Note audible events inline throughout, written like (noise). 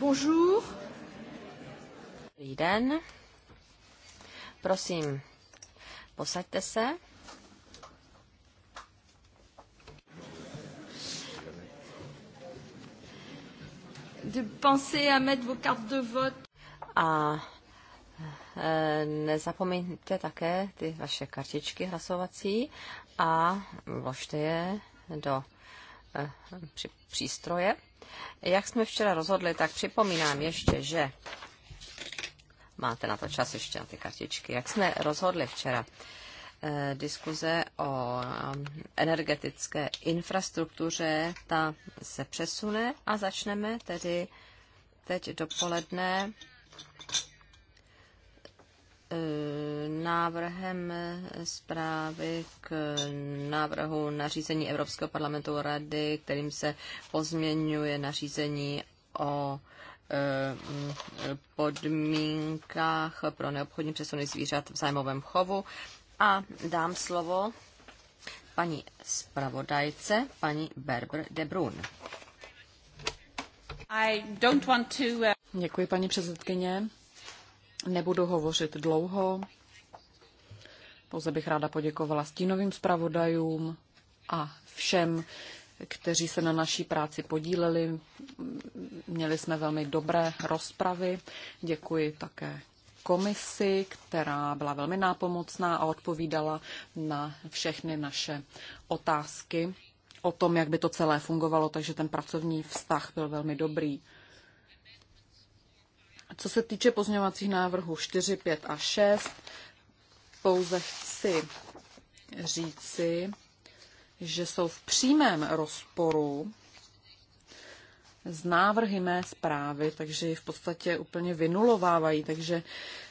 Bonjour. Dobrý den. Prosím, posaďte se. De penser à mettre vos cartes de vote. A e, nezapomeňte také ty vaše kartičky hlasovací a vložte je do při přístroje. Jak jsme včera rozhodli, tak připomínám ještě, že máte na to čas ještě na ty kartičky. Jak jsme rozhodli včera, eh, diskuze o eh, energetické infrastruktuře, ta se přesune a začneme tedy teď dopoledne eh, návrhem zprávy k návrhu nařízení Evropského parlamentu Rady, kterým se pozměňuje nařízení o eh, podmínkách pro neobchodní přesuny zvířat v zájmovém chovu. A dám slovo paní zpravodajce, paní Berber de Brun. I don't want to... Eh, Děkuji, paní předsedkyně. Nebudu hovořit dlouho. Pouze bych ráda poděkovala stínovým zpravodajům a všem, kteří se na naší práci podíleli. Měli jsme velmi dobré rozpravy. Děkuji také komisi, která byla velmi nápomocná a odpovídala na všechny naše otázky o tom, jak by to celé fungovalo, takže ten pracovní vztah byl velmi dobrý. Co se týče pozměňovacích návrhů 4, 5 a 6, pouze chci říci, že jsou v přímém rozporu z návrhy mé zprávy, takže ji v podstatě úplně vynulovávají. Takže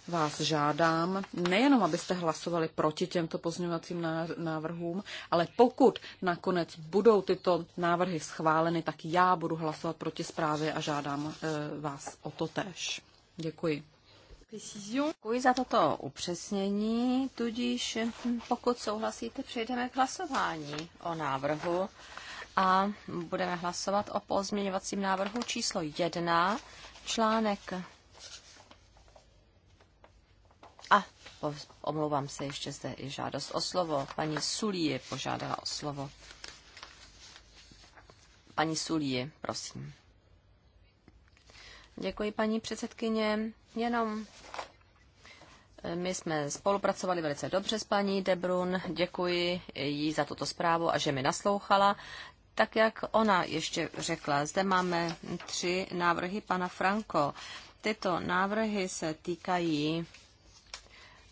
vás žádám, nejenom abyste hlasovali proti těmto pozměňovacím návrhům, ale pokud nakonec budou tyto návrhy schváleny, tak já budu hlasovat proti zprávě a žádám eh, vás o to tež. Děkuji. Děkuji za toto upřesnění, tudíž hm, pokud souhlasíte, přejdeme k hlasování o návrhu a budeme hlasovat o pozměňovacím návrhu číslo 1, článek. A omlouvám se, ještě zde i žádost o slovo. Paní je požádala o slovo. Paní Sulí, prosím. Děkuji, paní předsedkyně jenom eh, my jsme spolupracovali velice dobře s paní Debrun, děkuji jí za tuto zprávu a že mi naslouchala. Tak jak ona ještě řekla, zde máme tři návrhy pana Franko. Tyto návrhy se týkají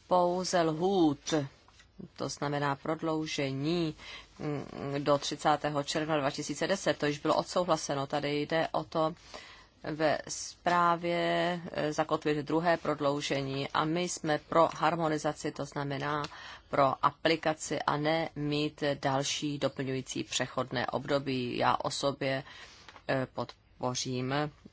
pouze lhůt, to znamená prodloužení mm, do 30. června 2010. To již bylo odsouhlaseno. Tady jde o to, ve zprávě eh, zakotvit druhé prodloužení a my jsme pro harmonizaci, to znamená pro aplikaci a ne mít další doplňující přechodné období. Já osobě eh, podpořím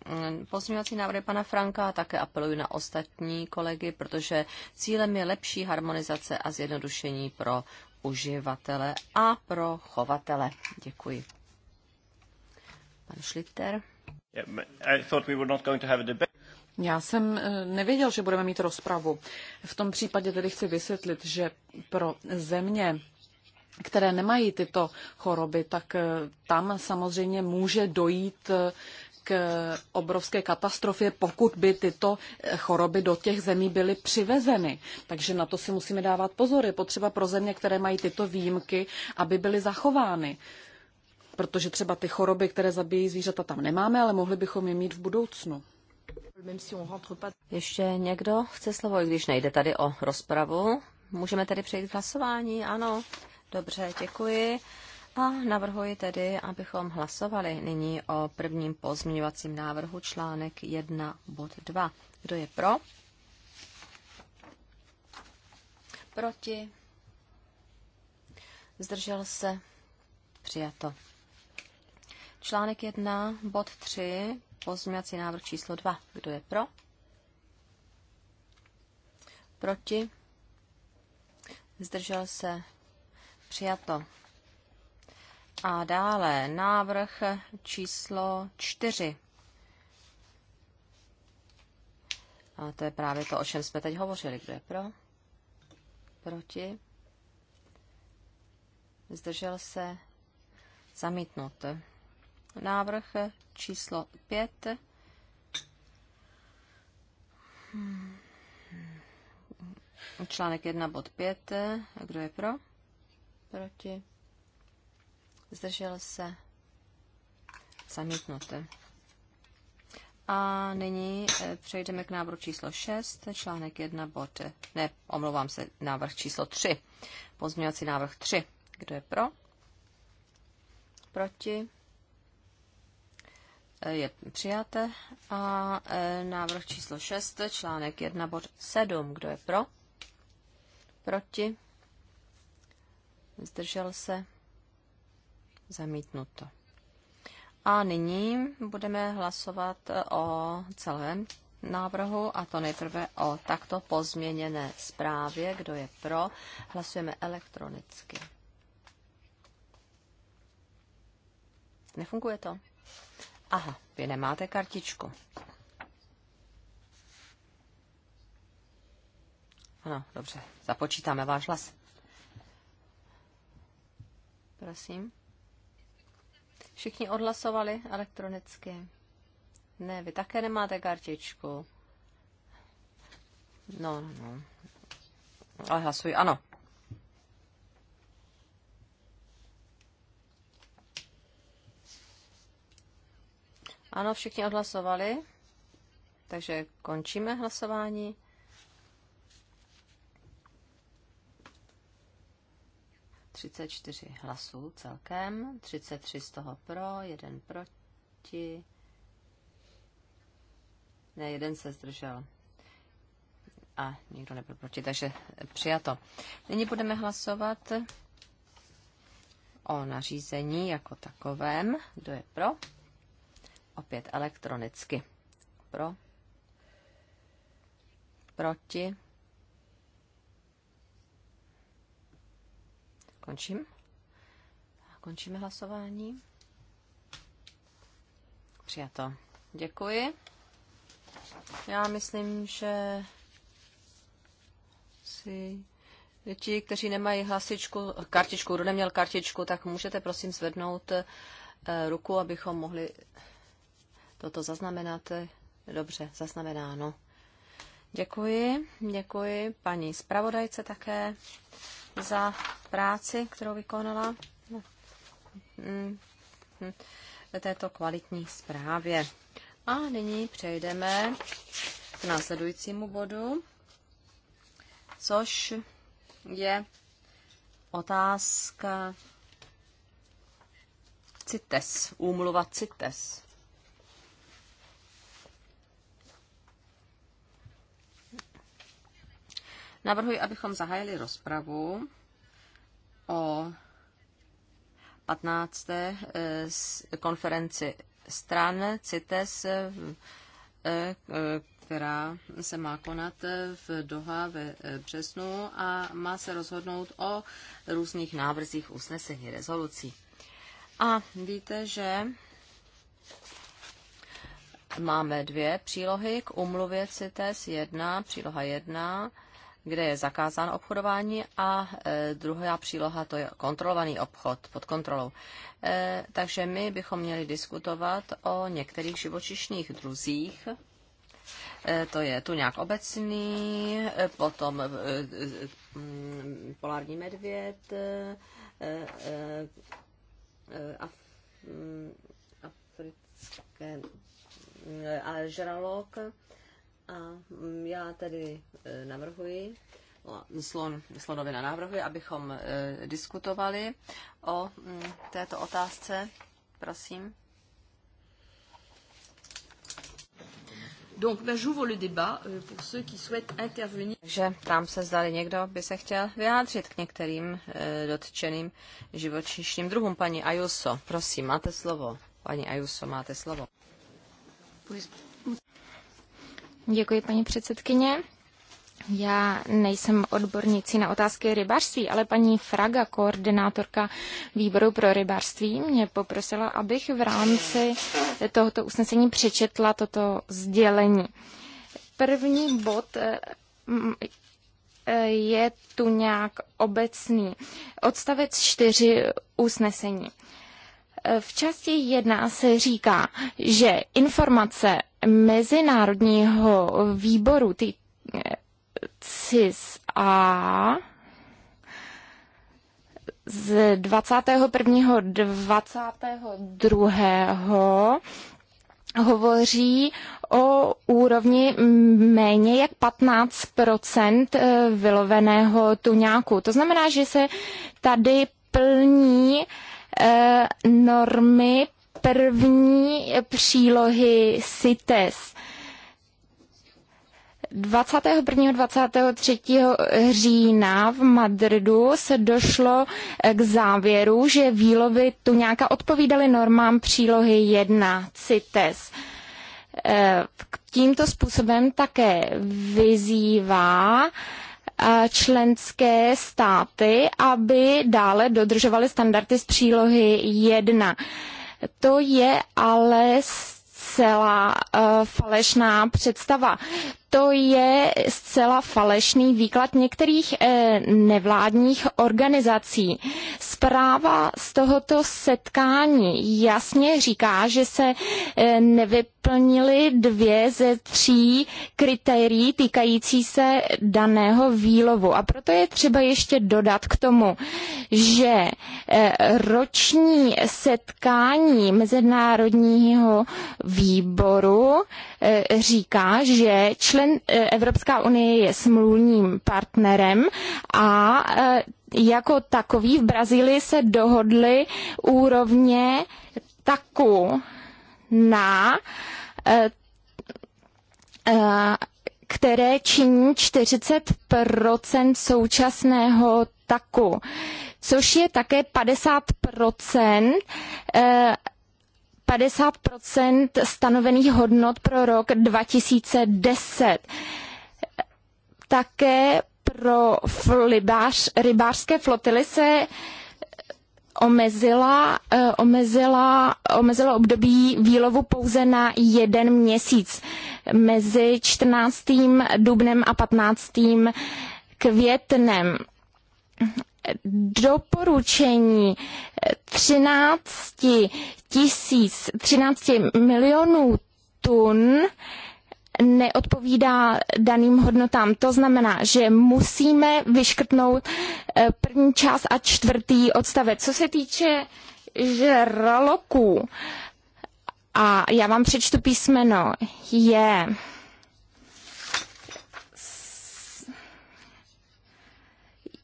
mm, pozměňovací návrhy pana Franka a také apeluji na ostatní kolegy, protože cílem je lepší harmonizace a zjednodušení pro uživatele a pro chovatele. Děkuji. Pan Schlitter. Já jsem eh, nevěděl, že budeme mít rozpravu. V tom případě tedy chci vysvětlit, že pro země, které nemají tyto choroby, tak eh, tam samozřejmě může dojít eh, k obrovské katastrofě, pokud by tyto choroby do těch zemí byly přivezeny. Takže na to si musíme dávat pozor. Je potřeba pro země, které mají tyto výjimky, aby byly zachovány protože třeba ty choroby, které zabíjí zvířata, tam nemáme, ale mohli bychom je mít v budoucnu. Ještě někdo chce slovo, i když nejde tady o rozpravu? Můžeme tedy přejít k hlasování? Ano. Dobře, děkuji. A navrhuji tedy, abychom hlasovali nyní o prvním pozměňovacím návrhu článek 1 bod 2. Kdo je pro? Proti? Zdržel se? Přijato. Článek 1, bod 3, pozměňovací návrh číslo 2. Kdo je pro? Proti? Zdržel se? Přijato. A dále návrh číslo 4. A to je právě to, o čem jsme teď hovořili. Kdo je pro? Proti? Zdržel se? Zamítnout návrh číslo 5. Článek 1, bod 5. Kdo je pro? Proti? Zdržel se? Zamítnuté. A nyní eh, přejdeme k návrhu číslo 6, článek 1, bod, ne, omlouvám se, návrh číslo 3, pozměňovací návrh 3. Kdo je pro? Proti? je přijat a e, návrh číslo 6, článek 1, bod 7. Kdo je pro? Proti? Zdržel se? Zamítnuto. A nyní budeme hlasovat o celém návrhu, a to nejprve o takto pozměněné zprávě. Kdo je pro? Hlasujeme elektronicky. Nefunguje to? Aha, vy nemáte kartičku. Ano, dobře, započítáme váš hlas. Prosím. Všichni odhlasovali elektronicky. Ne, vy také nemáte kartičku. No, no. no. Ale hlasuji ano. Ano, všichni odhlasovali, takže končíme hlasování. Třicet čtyři hlasů celkem, třicet tři z toho pro, jeden proti, ne, jeden se zdržel a nikdo nebyl proti, takže přijato. Nyní budeme hlasovat o nařízení jako takovém. Kdo je pro? opět elektronicky. Pro, proti, končím. Končíme hlasování. Přijato. Děkuji. Já myslím, že si ti, kteří nemají hlasičku, kartičku, kdo neměl kartičku, tak můžete prosím zvednout eh, ruku, abychom mohli toto zaznamenáte. Dobře, zaznamenáno. Děkuji, děkuji paní zpravodajce také za práci, kterou vykonala této kvalitní zprávě. A nyní přejdeme k následujícímu bodu, což je otázka CITES, úmluva CITES. Navrhuji, abychom zahájili rozpravu o 15. Eh, konferenci stran CITES, eh, eh, která se má konat v Doha ve březnu a má se rozhodnout o různých návrzích usnesení rezolucí. A víte, že máme dvě přílohy k umluvě CITES 1, příloha 1 kde je zakázán obchodování a e, druhá příloha to je kontrolovaný obchod pod kontrolou. E, takže my bychom měli diskutovat o některých živočišných druzích, e, to je tu nějak obecný, potom mm, polární medvěd, mm, africké žralok, a mm, já tedy e, navrhuji, slon, slonovina navrhuji, abychom e, diskutovali o mm, této otázce. Prosím. Donc, ben, j'ouvre le débat euh, pour ceux qui souhaitent intervenir. Takže tam se zdali někdo by se chtěl vyjádřit k některým e, dotčeným živočišným druhům. Paní Ayuso, prosím, máte slovo. Paní Ayuso, máte slovo. Please. Děkuji, paní předsedkyně. Já nejsem odbornicí na otázky rybářství, ale paní Fraga, koordinátorka výboru pro rybářství, mě poprosila, abych v rámci tohoto usnesení přečetla toto sdělení. První bod eh, eh, je tu nějak obecný. Odstavec 4 usnesení. V části jedna se říká, že informace Mezinárodního výboru ty CIS-A z 21.22. hovoří o úrovni méně jak 15 eh, vyloveného tuňáku. To znamená, že se tady plní Eh, normy první přílohy CITES. 21. 23. října v Madridu se došlo eh, k závěru, že výlovy tu nějaká odpovídaly normám přílohy 1 CITES. Eh, tímto způsobem také vyzývá členské státy, aby dále dodržovaly standardy z přílohy 1. To je ale zcela uh, falešná představa, to je zcela falešný výklad některých eh, nevládních organizací. Zpráva z tohoto setkání jasně říká, že se eh, nevyplnily dvě ze tří kritérií týkající se daného výlovu. A proto je třeba ještě dodat k tomu, že eh, roční setkání Mezinárodního výboru Eh, říká, že člen eh, Evropská unie je smluvním partnerem a eh, jako takový v Brazílii se dohodly úrovně taku na které činí 40 současného taku, což je také 50 50 stanovených hodnot pro rok 2010. Také pro libář, rybářské flotily se omezila, eh, omezila, omezila období výlovu pouze na jeden měsíc mezi 14. dubnem a 15. květnem doporučení 13 tisíc, 13 milionů tun neodpovídá daným hodnotám. To znamená, že musíme vyškrtnout eh, první část a čtvrtý odstavec. Co se týče žraloků, a já vám přečtu písmeno, je... Yeah.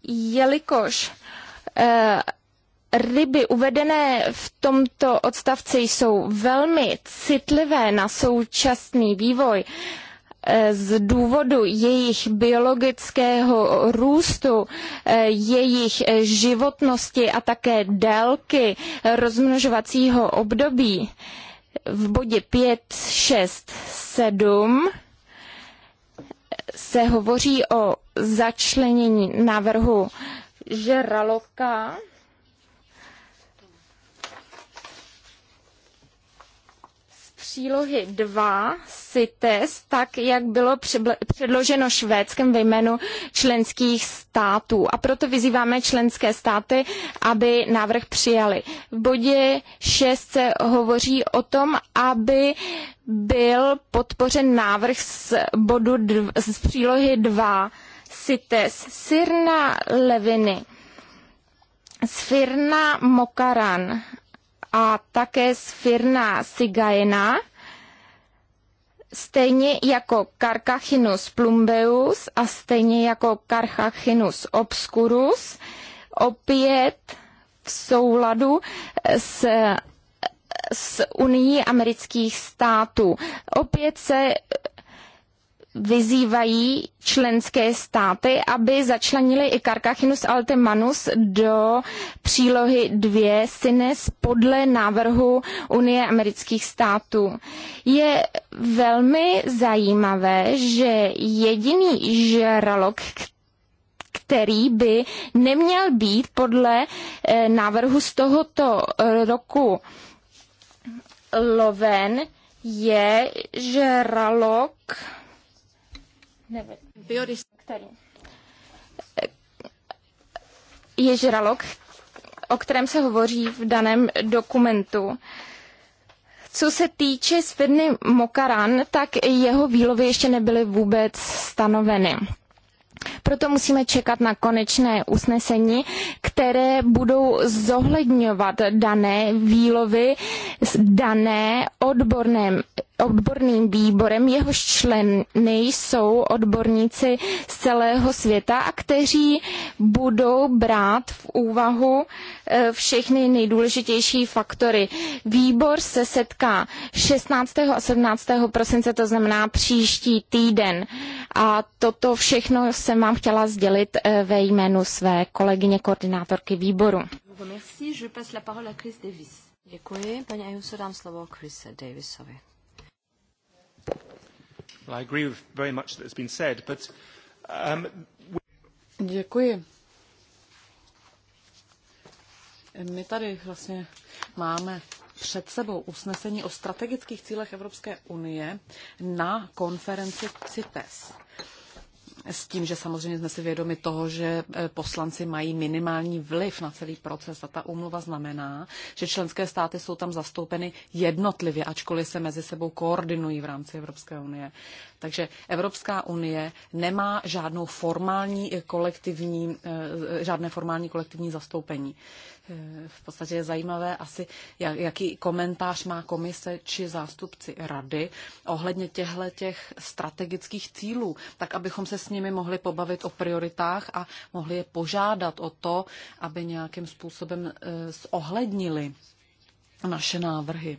jelikož eh, ryby uvedené v tomto odstavci jsou velmi citlivé na současný vývoj eh, z důvodu jejich biologického růstu, eh, jejich životnosti a také délky rozmnožovacího období v bodě 5, 6, 7 se hovoří o začlenění návrhu žraloka přílohy 2 CITES, tak jak bylo předloženo Švédskem ve jménu členských států. A proto vyzýváme členské státy, aby návrh přijali. V bodě 6 se hovoří o tom, aby byl podpořen návrh z, bodu dv, z přílohy 2 CITES Sirna Leviny, Sfirna Mokaran a také firna Sigaena, stejně jako Carcachinus plumbeus a stejně jako Carcachinus obscurus, opět v souladu s s Unii amerických států. Opět se vyzývají členské státy, aby začlenili i Carcachinus altemanus do přílohy 2 Sines podle návrhu Unie amerických států. Je velmi zajímavé, že jediný žralok, který by neměl být podle eh, návrhu z tohoto roku loven, je žralok nebo který je žralok, o kterém se hovoří v daném dokumentu. Co se týče svidny Mokaran, tak jeho výlovy ještě nebyly vůbec stanoveny. Proto musíme čekat na konečné usnesení, které budou zohledňovat dané výlovy, dané odborném, odborným výborem, jehož členy jsou odborníci z celého světa a kteří budou brát v úvahu eh, všechny nejdůležitější faktory. Výbor se setká 16. a 17. prosince, to znamená příští týden. A toto všechno jsem vám chtěla sdělit eh, ve jménu své kolegyně koordinátorky výboru. Děkuji. Paní Ayuso, dám slovo Chris Davisovi. Um, Děkuji. My tady vlastně máme před sebou usnesení o strategických cílech Evropské unie na konferenci CITES s tím, že samozřejmě jsme si vědomi toho, že eh, poslanci mají minimální vliv na celý proces a ta úmluva znamená, že členské státy jsou tam zastoupeny jednotlivě, ačkoliv se mezi sebou koordinují v rámci Evropské unie. Takže Evropská unie nemá žádnou formální eh, kolektivní, eh, žádné formální kolektivní zastoupení. Eh, v podstatě je zajímavé asi, jaký komentář má komise či zástupci rady ohledně těchto těch strategických cílů, tak abychom se s nimi mohli pobavit o prioritách a mohli je požádat o to, aby nějakým způsobem eh, zohlednili naše návrhy.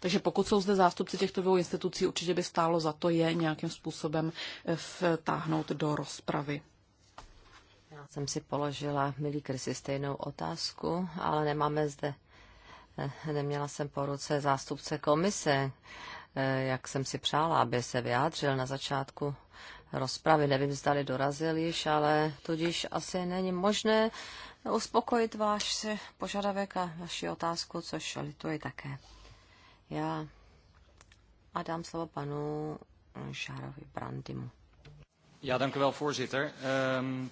Takže pokud jsou zde zástupci těchto dvou institucí, určitě by stálo za to je nějakým způsobem eh, vtáhnout do rozpravy. Já jsem si položila, milí Krysi, stejnou otázku, ale nemáme zde, eh, neměla jsem po ruce zástupce komise, eh, jak jsem si přála, aby se vyjádřil na začátku rozpravy. Nevím, zdali dorazil již, ale tudíž asi není možné uspokojit váš požadavek a vaši otázku, což lituji také. Já a dám slovo panu Šárovi Brandimu. Ja, dank u wel, voorzitter. Um,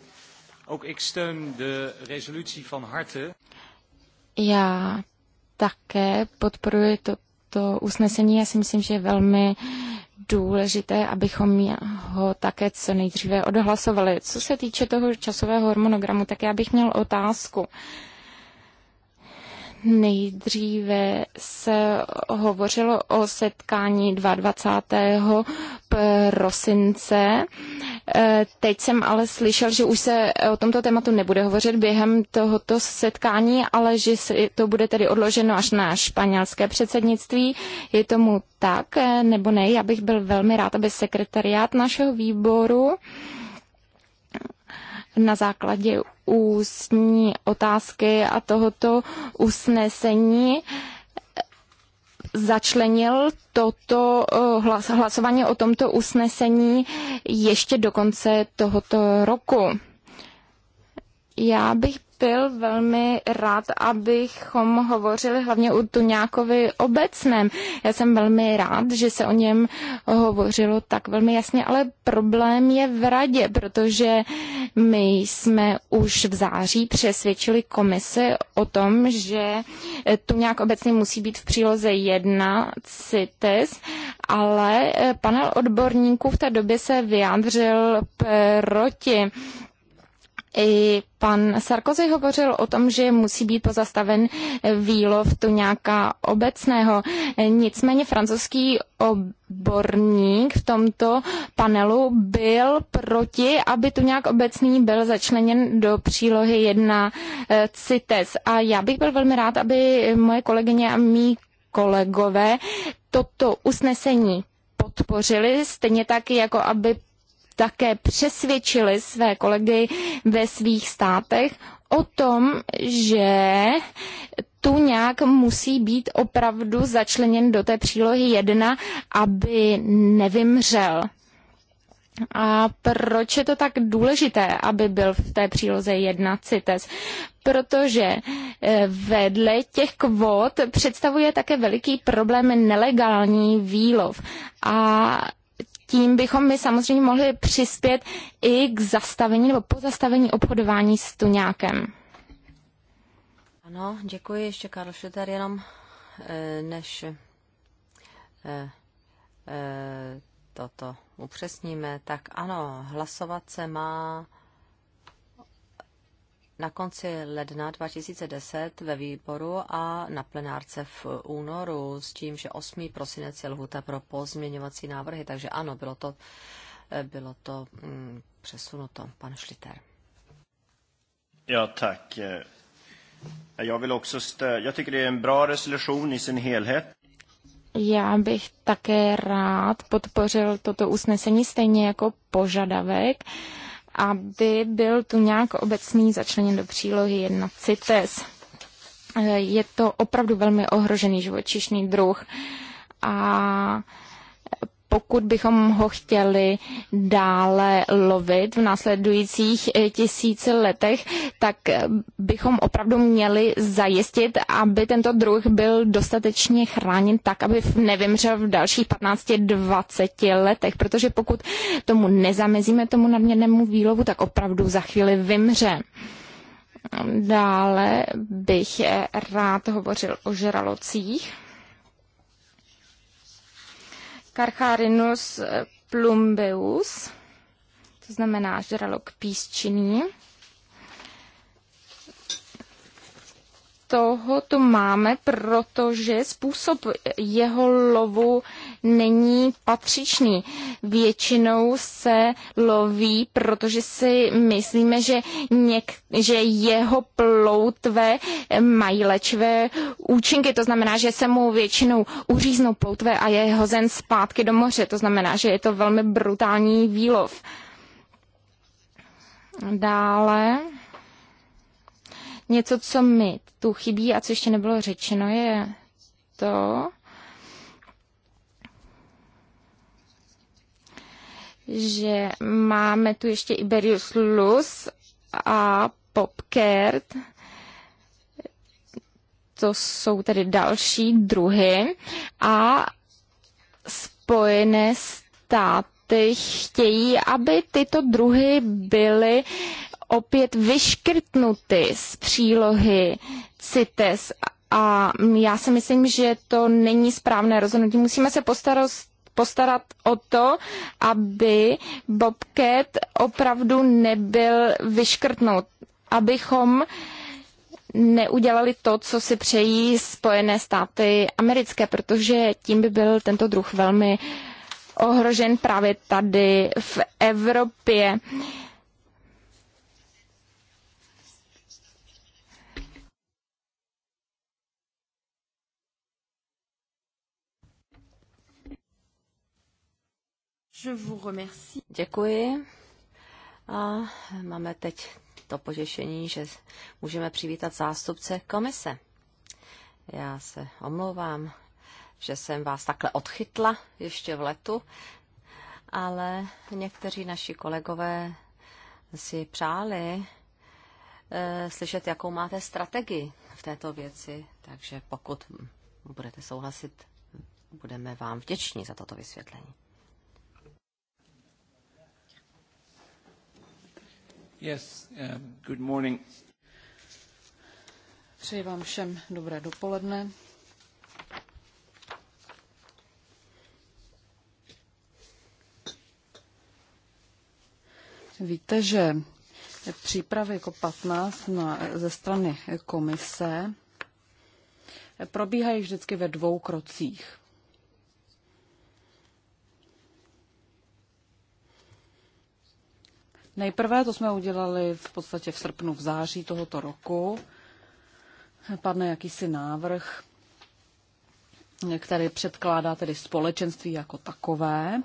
Ook ik steun de resolutie van harte. Já také podporuji toto usnesení. Já si myslím, že je velmi důležité, abychom ho také co nejdříve odhlasovali. Co se týče toho časového harmonogramu, tak já bych měl otázku. Uh, Nejdříve se hovořilo o setkání 22. prosince. E, teď jsem ale slyšel, že už se o tomto tématu nebude hovořit během tohoto setkání, ale že to bude tedy odloženo až na španělské předsednictví. Je tomu tak, e, nebo ne? Já bych byl velmi rád, aby sekretariát našeho výboru na základě ústní otázky a tohoto usnesení začlenil toto eh, hlas, hlasování o tomto usnesení ještě do konce tohoto roku. Já bych byl velmi rád, abychom hovořili hlavně o Tuňákovi obecném. Já jsem velmi rád, že se o něm hovořilo tak velmi jasně, ale problém je v radě, protože my jsme už v září přesvědčili komisi o tom, že Tuňák obecně musí být v příloze 1 CITES, ale panel odborníků v té době se vyjádřil proti i pan Sarkozy hovořil o tom, že musí být pozastaven výlov tu nějaká obecného. Nicméně francouzský oborník v tomto panelu byl proti, aby tu nějak obecný byl začleněn do přílohy 1 eh, CITES. A já bych byl velmi rád, aby moje kolegyně a mý kolegové toto usnesení podpořili, stejně tak jako aby také přesvědčili své kolegy ve svých státech o tom, že tu nějak musí být opravdu začleněn do té přílohy 1, aby nevymřel. A proč je to tak důležité, aby byl v té příloze 1 CITES? Protože eh, vedle těch kvót představuje také veliký problém nelegální výlov. A tím bychom my samozřejmě mohli přispět i k zastavení nebo pozastavení obchodování s tuňákem. Ano, děkuji. Ještě Karl Šuter, jenom eh, než eh, eh, toto upřesníme, tak ano, hlasovat se má na konci ledna 2010 ve výboru a na plenárce v únoru s tím, že 8. prosinec je lhuta pro pozměňovací návrhy, takže ano, bylo to, eh, bylo to mm, přesunuto. Pan Šliter. Ja, tak. Eh, Já, vil också stöd... Já tycker det är en bra resolution i sin helhet. Já bych také rád podpořil toto usnesení stejně jako požadavek. Uh, aby byl tu nějak obecný začleněn do přílohy 1 CITES. Je to opravdu velmi ohrožený živočišný druh a pokud bychom ho chtěli dále lovit v následujících eh, tisíci letech, tak eh, bychom opravdu měli zajistit, aby tento druh byl dostatečně chráněn tak, aby nevymřel v dalších 15-20 letech, protože pokud tomu nezamezíme, tomu nadměrnému výlovu, tak opravdu za chvíli vymře. Dále bych eh, rád hovořil o žralocích. Carcharinus plumbeus, to znamená žralok písčiný. toho to máme, protože způsob jeho lovu není patřičný. Většinou se loví, protože si myslíme, že, něk, že jeho ploutve mají léčivé účinky. To znamená, že se mu většinou uříznou ploutve a je hozen zpátky do moře. To znamená, že je to velmi brutální výlov. Dále. Něco, co mi tu chybí a co ještě nebylo řečeno, je to, že máme tu ještě Iberius Lus a Popkert. To jsou tedy další druhy. A Spojené státy chtějí, aby tyto druhy byly uh, opět vyškrtnuty z přílohy CITES a já si myslím, že to není správné rozhodnutí. Musíme se postarat postarat o to, aby Bobcat opravdu nebyl vyškrtnut, abychom neudělali to, co si přejí Spojené státy americké, protože tím by byl tento druh velmi ohrožen právě tady v Evropě. Uh, Je vous remercie. Děkuji. A máme teď to potěšení, že můžeme přivítat zástupce komise. Já se omlouvám, že jsem vás takhle odchytla ještě v letu, ale někteří naši kolegové si přáli e, slyšet, jakou máte strategii v této věci, takže pokud budete souhlasit, budeme vám vděční za toto vysvětlení. Yes, um, good morning. Přeji vám všem dobré dopoledne. Víte, že přípravy jako 15 na, ze strany komise probíhají vždycky ve dvou krocích. Nejprve, to jsme udělali v podstatě v srpnu, v září tohoto roku, padne jakýsi návrh, který předkládá tedy společenství jako takové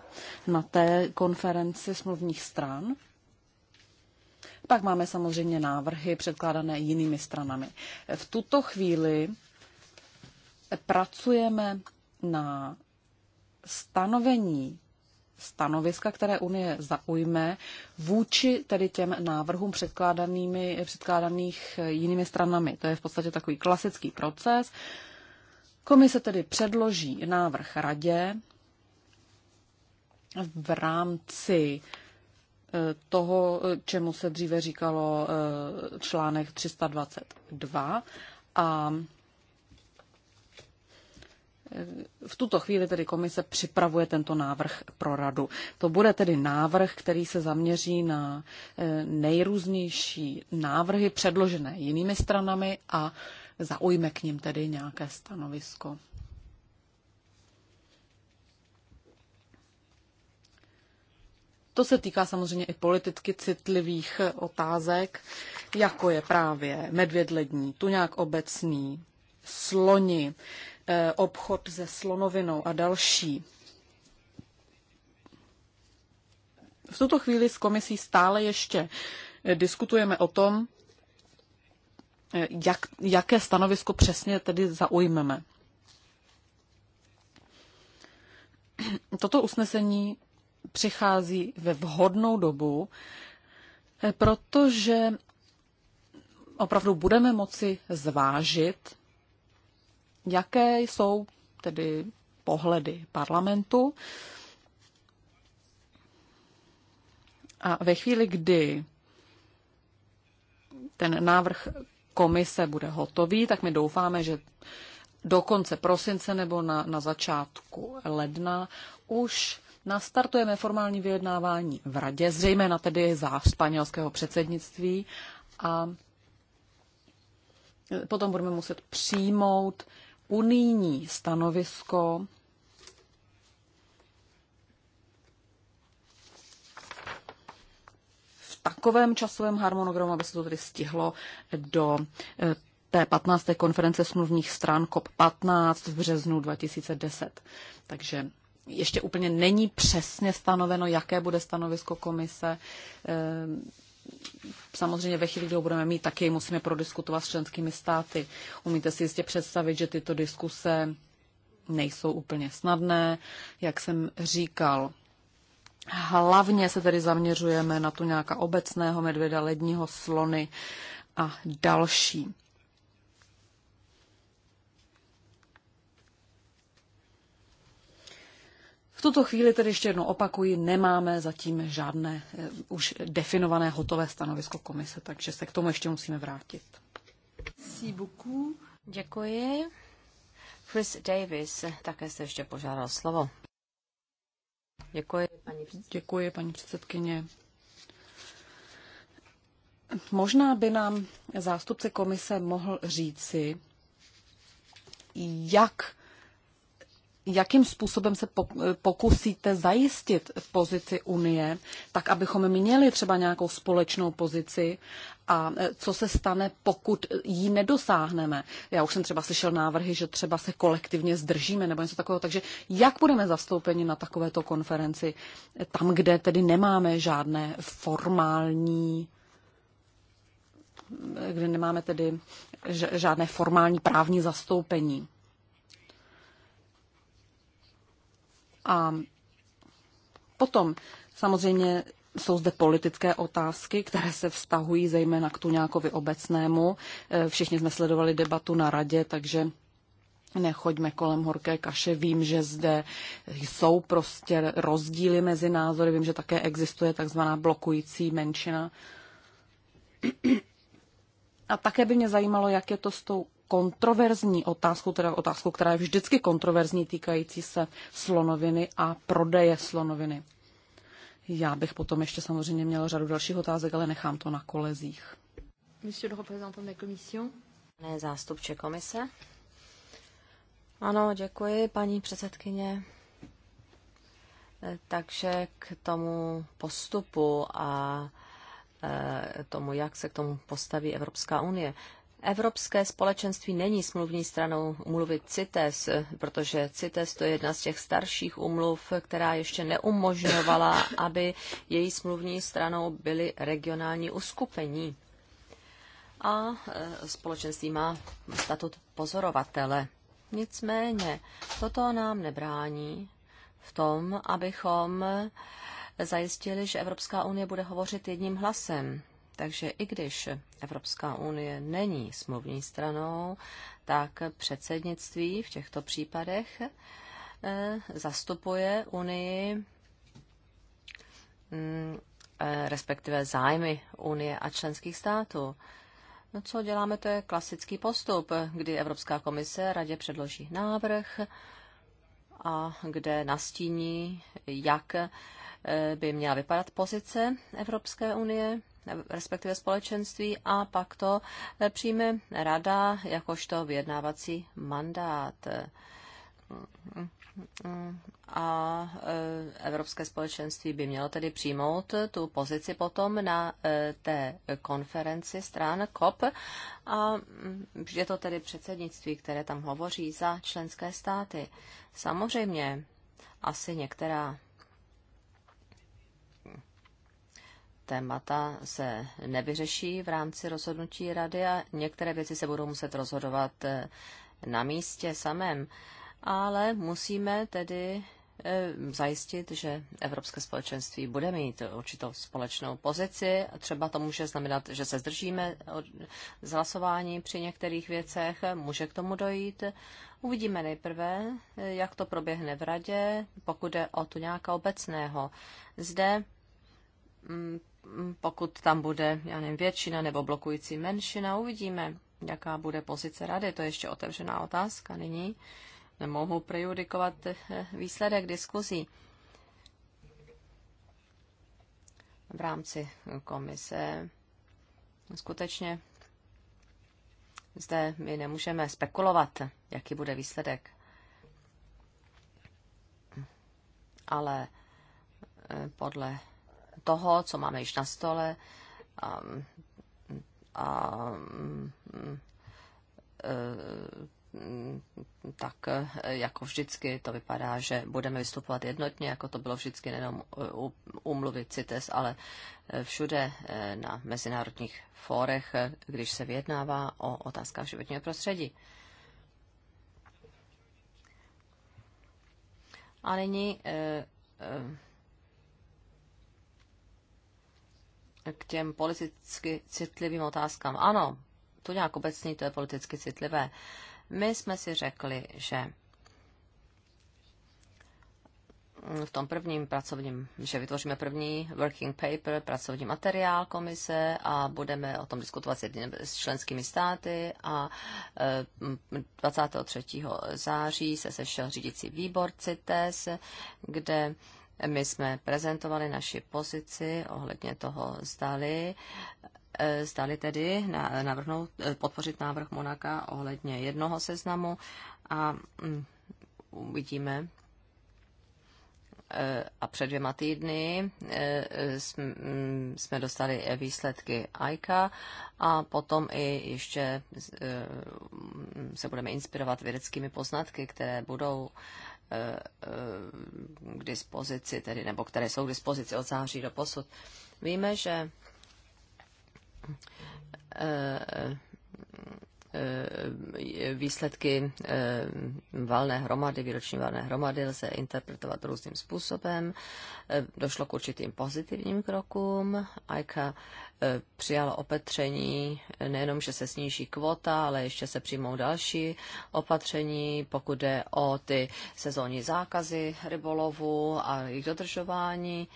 na té konferenci smluvních stran. Pak máme samozřejmě návrhy předkládané jinými stranami. V tuto chvíli pracujeme na stanovení stanoviska, které Unie zaujme vůči tedy těm návrhům předkládanými, předkládaných jinými stranami. To je v podstatě takový klasický proces. Komise tedy předloží návrh radě v rámci eh, toho, eh, čemu se dříve říkalo eh, článek 322 a v tuto chvíli tedy komise připravuje tento návrh pro radu. To bude tedy návrh, který se zaměří na eh, nejrůznější návrhy předložené jinými stranami a zaujme k ním tedy nějaké stanovisko. To se týká samozřejmě i politicky citlivých otázek, jako je právě medvědlední, tuňák obecný, sloni, Eh, obchod se slonovinou a další. V tuto chvíli s komisí stále ještě eh, diskutujeme o tom, eh, jak, jaké stanovisko přesně tedy zaujmeme. (clears throat) Toto usnesení přichází ve vhodnou dobu, protože opravdu budeme moci zvážit jaké jsou tedy pohledy parlamentu. A ve chvíli, kdy ten návrh komise bude hotový, tak my doufáme, že do konce prosince nebo na, na začátku ledna už nastartujeme formální vyjednávání v radě, na tedy za španělského předsednictví a potom budeme muset přijmout unijní stanovisko v takovém časovém harmonogramu, aby se to tedy stihlo do eh, té 15. konference smluvních stran COP15 v březnu 2010. Takže ještě úplně není přesně stanoveno, jaké bude stanovisko komise. Ehm, samozřejmě ve chvíli, kdy ho budeme mít, taky musíme prodiskutovat s členskými státy. Umíte si jistě představit, že tyto diskuse nejsou úplně snadné. Jak jsem říkal, hlavně se tedy zaměřujeme na tu nějaká obecného medvěda, ledního slony a další. tuto chvíli tedy ještě jednou opakuji, nemáme zatím žádné eh, už definované hotové stanovisko komise, takže se k tomu ještě musíme vrátit. Děkuji. Chris Davis také se ještě požádal slovo. Děkuji, paní předsedkyně. Děkuji, paní předsedkyně. Možná by nám zástupce komise mohl říci, jak jakým způsobem se pokusíte zajistit pozici Unie, tak abychom měli třeba nějakou společnou pozici a e, co se stane, pokud ji nedosáhneme. Já už jsem třeba slyšel návrhy, že třeba se kolektivně zdržíme nebo něco takového, takže jak budeme zastoupeni na takovéto konferenci e, tam, kde tedy nemáme žádné formální e, kde nemáme tedy žádné formální právní zastoupení. A potom samozřejmě jsou zde politické otázky, které se vztahují zejména k Tuňákovi obecnému. E, všichni jsme sledovali debatu na radě, takže nechoďme kolem horké kaše. Vím, že zde jsou prostě rozdíly mezi názory. Vím, že také existuje takzvaná blokující menšina. A také by mě zajímalo, jak je to s tou kontroverzní otázku, teda otázku, která je vždycky kontroverzní, týkající se slonoviny a prodeje slonoviny. Já bych potom ještě samozřejmě měla řadu dalších otázek, ale nechám to na kolezích. Monsieur le représentant de commission. Ne, zástupče komise. Ano, děkuji, paní předsedkyně. Takže k tomu postupu a e, tomu, jak se k tomu postaví Evropská unie. Evropské společenství není smluvní stranou umluvy CITES, protože CITES to je jedna z těch starších umluv, která ještě neumožňovala, aby její smluvní stranou byly regionální uskupení. A e, společenství má statut pozorovatele. Nicméně toto nám nebrání v tom, abychom e, zajistili, že Evropská unie bude hovořit jedním hlasem takže i když Evropská unie není smluvní stranou, tak předsednictví v těchto případech eh, zastupuje Unii, mm, eh, respektive zájmy Unie a členských států. No, co děláme, to je klasický postup, kdy Evropská komise radě předloží návrh a kde nastíní, jak eh, by měla vypadat pozice Evropské unie respektive společenství, a pak to eh, přijme rada jakožto vyjednávací mandát a eh, Evropské společenství by mělo tedy přijmout tu pozici potom na eh, té konferenci stran COP a mm, je to tedy předsednictví, které tam hovoří za členské státy. Samozřejmě asi některá témata se nevyřeší v rámci rozhodnutí rady a některé věci se budou muset rozhodovat eh, na místě samém. Ale musíme tedy eh, zajistit, že Evropské společenství bude mít určitou společnou pozici. Třeba to může znamenat, že se zdržíme od zhlasování při některých věcech, může k tomu dojít. Uvidíme nejprve, eh, jak to proběhne v radě, pokud je o tu nějaká obecného. Zde mm, Mm, pokud tam bude, já nevím, většina nebo blokující menšina, uvidíme, jaká bude pozice rady. To je ještě otevřená otázka nyní. Nemohu prejudikovat eh, výsledek diskuzí. V rámci komise skutečně zde my nemůžeme spekulovat, jaký bude výsledek. Ale eh, podle toho, co máme již na stole. A, a, tak jako vždycky to vypadá, že budeme vystupovat jednotně, jako to bylo vždycky nejenom e, u umluvy CITES, ale e, všude e, na mezinárodních fórech, když se vyjednává o otázkách životního prostředí. A nyní k těm politicky citlivým otázkám. Ano, to nějak obecně to je politicky citlivé. My jsme si řekli, že v tom prvním pracovním, že vytvoříme první working paper, pracovní materiál komise a budeme o tom diskutovat s členskými státy a 23. E, září se sešel řídící výbor CITES, kde my jsme prezentovali naši pozici ohledně toho, zdali eh, zdali tedy navrhnout, eh, podpořit návrh Monaka ohledně jednoho seznamu a mm, uvidíme. Eh, a před dvěma týdny mm, jsme dostali výsledky AIKA a potom i ještě mm, se budeme inspirovat vědeckými poznatky, které budou Eh, eh, k dispozici, tedy, nebo které jsou k dispozici od září do posud. Víme, že eh, Eh, výsledky eh, valné hromady, výroční valné hromady lze interpretovat různým způsobem. Eh, došlo k určitým pozitivním krokům. ICA přijala opatření, nejenom, že se sníží kvota, ale ještě se přijmou další opatření, pokud jde o ty sezónní zákazy rybolovu a jejich dodržování.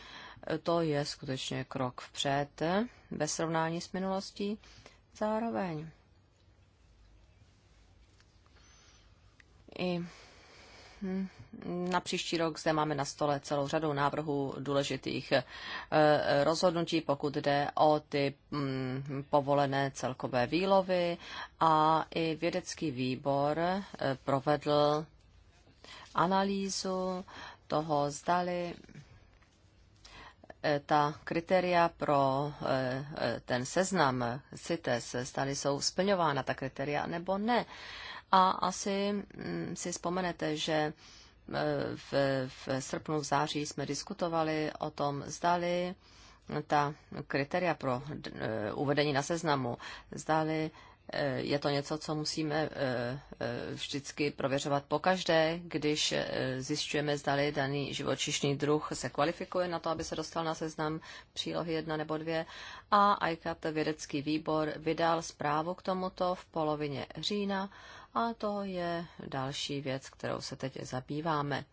To je skutečně krok vpřed ve srovnání s minulostí. Zároveň i hm, na příští rok zde máme na stole celou řadu návrhů důležitých eh, rozhodnutí, pokud jde o ty hm, povolené celkové výlovy a i vědecký výbor eh, provedl analýzu toho, zdali eh, ta kritéria pro ten seznam CITES, zdali jsou splňována ta kritéria nebo ne. A asi mm, si vzpomenete, že e, v, v srpnu, v září jsme diskutovali o tom, zdali ta kritéria pro e, uvedení na seznamu, zdali e, je to něco, co musíme vždycky prověřovat pokaždé, když zjišťujeme, zdali daný živočišný druh se kvalifikuje na to, aby se dostal na seznam přílohy 1 nebo 2. A ICAT vědecký výbor vydal zprávu k tomuto v polovině října a to je další věc, kterou se teď zabýváme,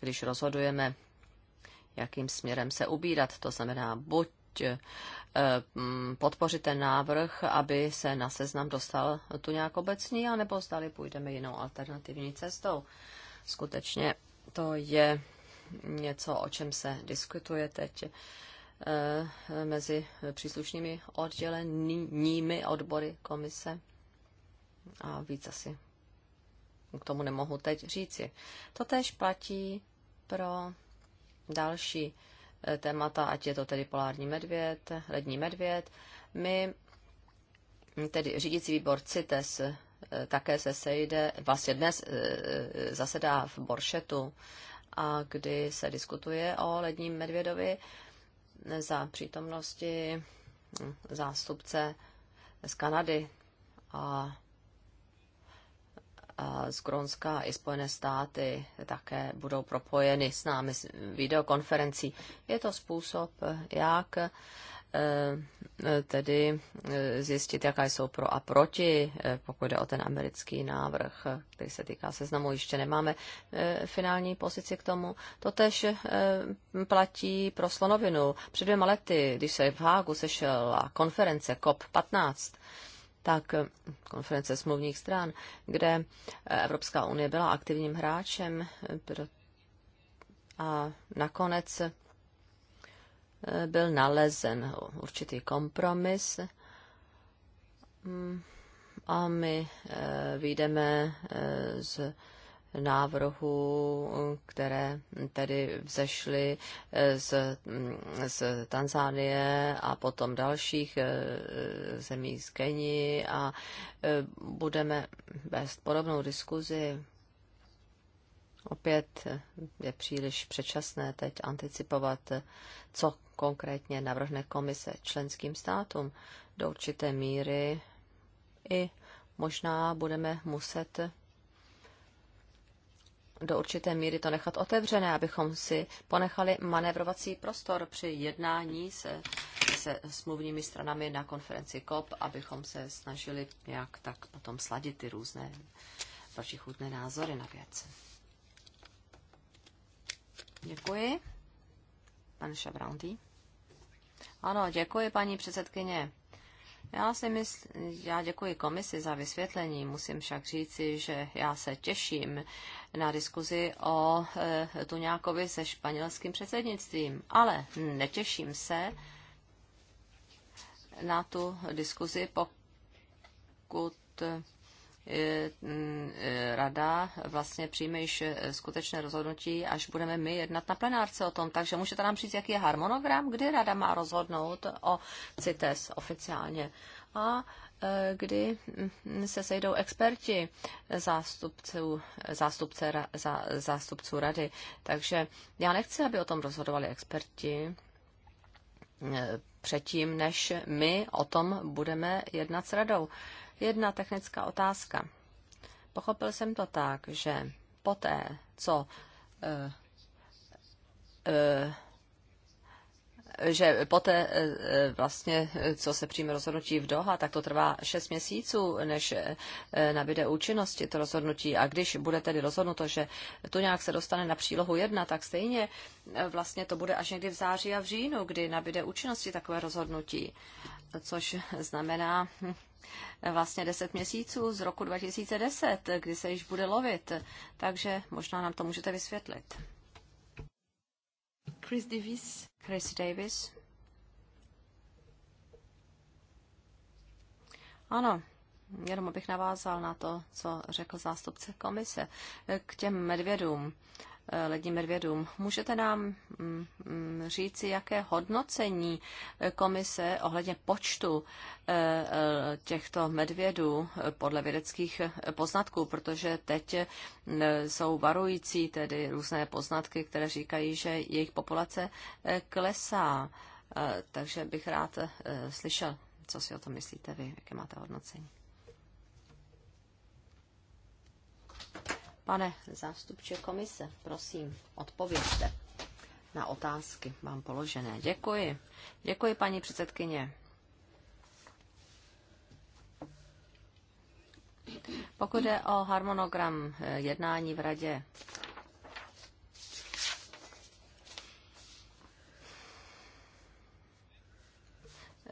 když rozhodujeme, jakým směrem se ubírat. To znamená, buď eh, mm, podpořit ten návrh, aby se na seznam dostal tu nějak obecný, anebo zdali půjdeme jinou alternativní cestou. Skutečně to je něco, o čem se diskutuje teď eh, mezi příslušnými odděleními odbory komise a víc asi k tomu nemohu teď říci. To Totež platí pro další eh, témata, ať je to tedy polární medvěd, lední medvěd. My, hm, tedy řídící výbor CITES, eh, také se sejde, vlastně dnes eh, zasedá v Boršetu, a kdy se diskutuje o ledním medvědovi za přítomnosti hm, zástupce z Kanady a z Grónska i Spojené státy také budou propojeny s námi s videokonferencí. Je to způsob, jak eh, tedy eh, zjistit, jaká jsou pro a proti, eh, pokud jde o ten americký návrh, který se týká seznamu. Ještě nemáme finální pozici k tomu. Totež platí pro slonovinu. Před dvěma lety, když se v Hágu sešla konference COP15, tak konference smluvních stran, kde Evropská unie byla aktivním hráčem a nakonec eh, byl nalezen určitý kompromis mm, a my eh, vyjdeme eh, z návrhů, které tedy vzešly eh, z, mm, z Tanzánie a potom dalších eh, zemí z Keni a eh, budeme vést podobnou diskuzi. Opět je příliš předčasné teď anticipovat, co konkrétně navrhne komise členským státům. Do určité míry i možná budeme muset do určité míry to nechat otevřené, abychom si ponechali manévrovací prostor při jednání se, se smluvními stranami na konferenci COP, abychom se snažili nějak tak potom sladit ty různé protichůdné názory na věc. Děkuji. Pan Šabrandý. Ano, děkuji, paní předsedkyně. Já si myslím, já děkuji komisi za vysvětlení, musím však říci, že já se těším na diskuzi o e, Tuňákovi se španělským předsednictvím, ale netěším se na tu diskuzi, pokud rada vlastně přijme již eh, skutečné rozhodnutí, až budeme my jednat na plenárce o tom. Takže můžete nám říct, jaký je harmonogram, kdy rada má rozhodnout o CITES oficiálně. A eh, kdy hm, se sejdou experti zástupců, zástupce, zá, zástupců rady. Takže já nechci, aby o tom rozhodovali experti, eh, předtím, než my o tom budeme jednat s radou. Jedna technická otázka. Pochopil jsem to tak, že poté, co uh, uh, že poté e, e, vlastně, co se přijme rozhodnutí v Doha, tak to trvá 6 měsíců, než e, nabíde účinnosti to rozhodnutí. A když bude tedy rozhodnuto, že to nějak se dostane na přílohu 1, tak stejně vlastně to bude až někdy v září a v říjnu, kdy nabíde účinnosti takové rozhodnutí. Což znamená, hm, vlastně 10 měsíců z roku 2010, kdy se již bude lovit. Takže možná nám to můžete vysvětlit. Chris Davis. Chris Davis. Ano, jenom abych navázal na to, co řekl zástupce komise k těm medvědům. Eh, ledním medvědům. Můžete nám mm, mm, říci, jaké hodnocení eh, komise ohledně počtu eh, těchto medvědů podle vědeckých poznatků, protože teď jsou varující tedy různé poznatky, které říkají, že jejich populace klesá. Takže bych rád slyšel, co si o tom myslíte vy, jaké máte hodnocení. Pane zástupče komise, prosím, odpovězte na otázky mám položené. Děkuji. Děkuji, paní předsedkyně. Pokud je o harmonogram eh, jednání v radě,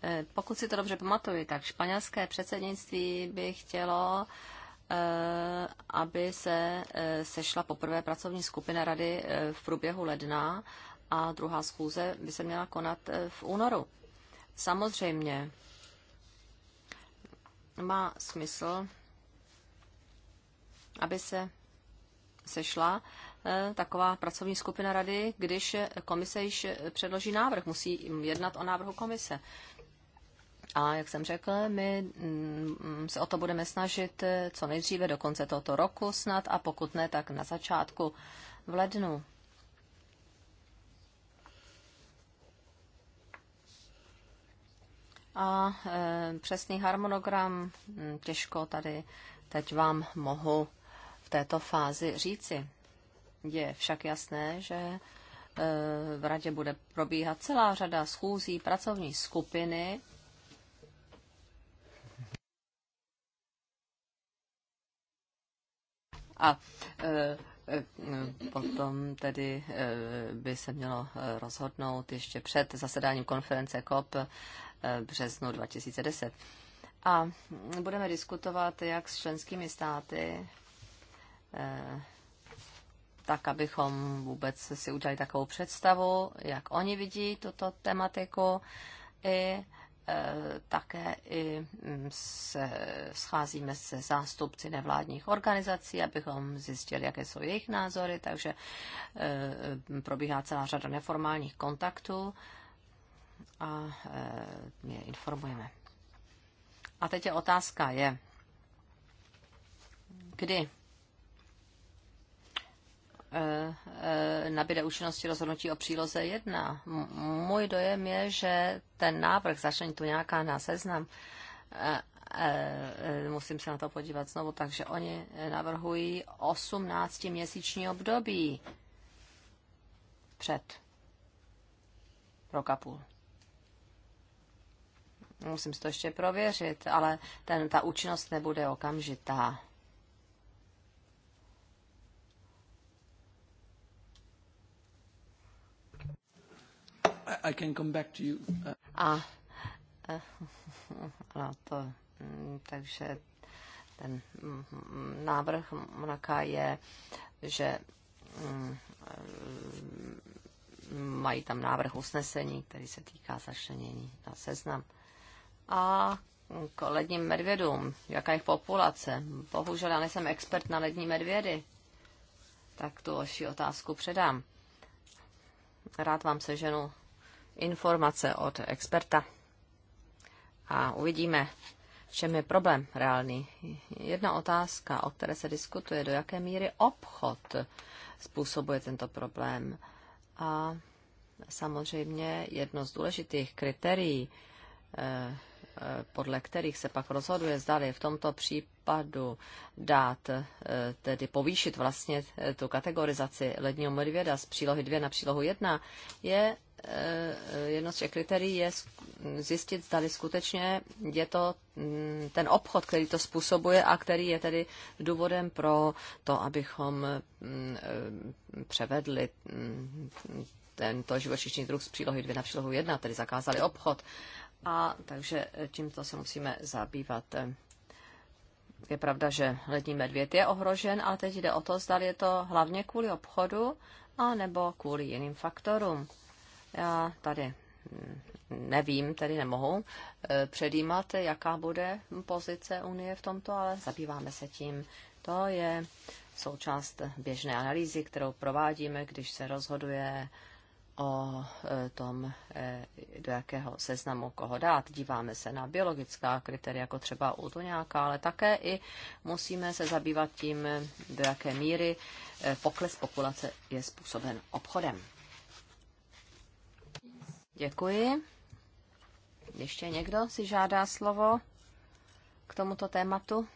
eh, pokud si to dobře pamatuju, tak španělské předsednictví by chtělo Eh, aby se eh, sešla poprvé pracovní skupina rady eh, v průběhu ledna a druhá schůze by se měla konat v únoru. Samozřejmě má smysl, aby se sešla taková pracovní skupina rady, když komise již předloží návrh, musí jednat o návrhu komise. A jak jsem řekl, my mm, se o to budeme snažit eh, co nejdříve do konce tohoto roku snad a pokud ne, tak na začátku v lednu. A eh, přesný harmonogram hm, těžko tady teď vám mohu v této fázi říci. Je však jasné, že eh, v radě bude probíhat celá řada schůzí pracovní skupiny A e, e, potom tedy e, by se mělo rozhodnout ještě před zasedáním konference COP v březnu 2010. A budeme diskutovat, jak s členskými státy tak abychom vůbec si udělali takovou představu, jak oni vidí tuto tematiku i také i mm, se, scházíme se zástupci nevládních organizací, abychom zjistili, jaké jsou jejich názory, takže eh, probíhá celá řada neformálních kontaktů a eh, je informujeme. A teď je otázka je, kdy Eh, eh, nabíde účinnosti rozhodnutí o příloze 1. Můj dojem je, že ten návrh začne tu nějaká na seznam, eh, musím se na to podívat znovu, takže oni navrhují 18-měsíční období před rok a půl. Musím si to ještě prověřit, ale ten, ta účinnost nebude okamžitá. I can come back to you. Uh, A, eh, (laughs) no to, mm, takže ten mm, návrh Monaka je, že mm, eh, mají tam návrh usnesení, který se týká začlenění na seznam. A k ledním medvědům, jaká je populace? Bohužel já nejsem expert na lední medvědy, tak tu vaši otázku předám. Rád vám seženu informace od experta. A uvidíme, v čem je problém reálný. Jedna otázka, o které se diskutuje, do jaké míry obchod způsobuje tento problém. A samozřejmě jedno z důležitých kritérií, eh, podle kterých se pak rozhoduje, zdali v tomto případu dát, eh, tedy povýšit vlastně eh, tu kategorizaci ledního medvěda z přílohy 2 na přílohu 1, je eh, jedno z těch kritérií je zjistit, zdali skutečně je to mm, ten obchod, který to způsobuje a který je tedy důvodem pro to, abychom mm, převedli mm, tento živočišný druh z přílohy 2 na přílohu 1, tedy zakázali obchod a takže tímto se musíme zabývat. Je pravda, že lední medvěd je ohrožen, ale teď jde o to, zda je to hlavně kvůli obchodu a nebo kvůli jiným faktorům. Já tady hm, nevím, tedy nemohu eh, předjímat, jaká bude pozice Unie v tomto, ale zabýváme se tím. To je součást běžné analýzy, kterou provádíme, když se rozhoduje o e, tom, e, do jakého seznamu koho dát. Díváme se na biologická kritéria, jako třeba u tuňáka, ale také i musíme se zabývat tím, do jaké míry e, pokles populace je způsoben obchodem. Děkuji. Ještě někdo si žádá slovo k tomuto tématu?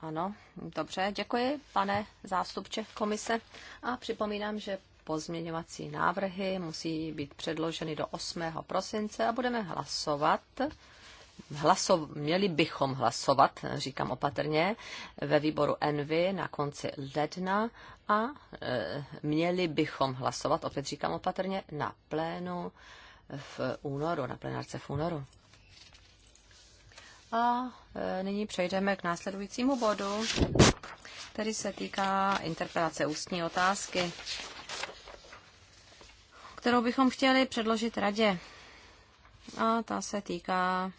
Ano, dobře, děkuji, pane zástupče komise. A připomínám, že Pozměňovací návrhy musí být předloženy do 8. prosince a budeme hlasovat. Hlasov, měli bychom hlasovat, říkám opatrně, ve výboru Envy na konci ledna a e, měli bychom hlasovat, opět říkám opatrně, na plénu v únoru, na plenárce v únoru. A e, nyní přejdeme k následujícímu bodu, který se týká interpelace ústní otázky kterou bychom chtěli předložit radě. A ta se týká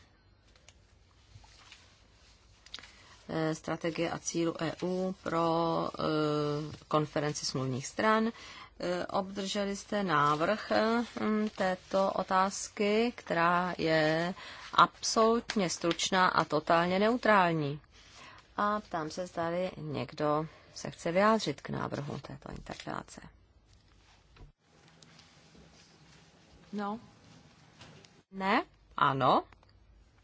eh, strategie a cílu EU pro eh, konferenci smluvních stran. Eh, obdrželi jste návrh hm, této otázky, která je absolutně stručná a totálně neutrální. A ptám se, zda někdo se chce vyjádřit k návrhu této interpelace. No. Ne? Ano?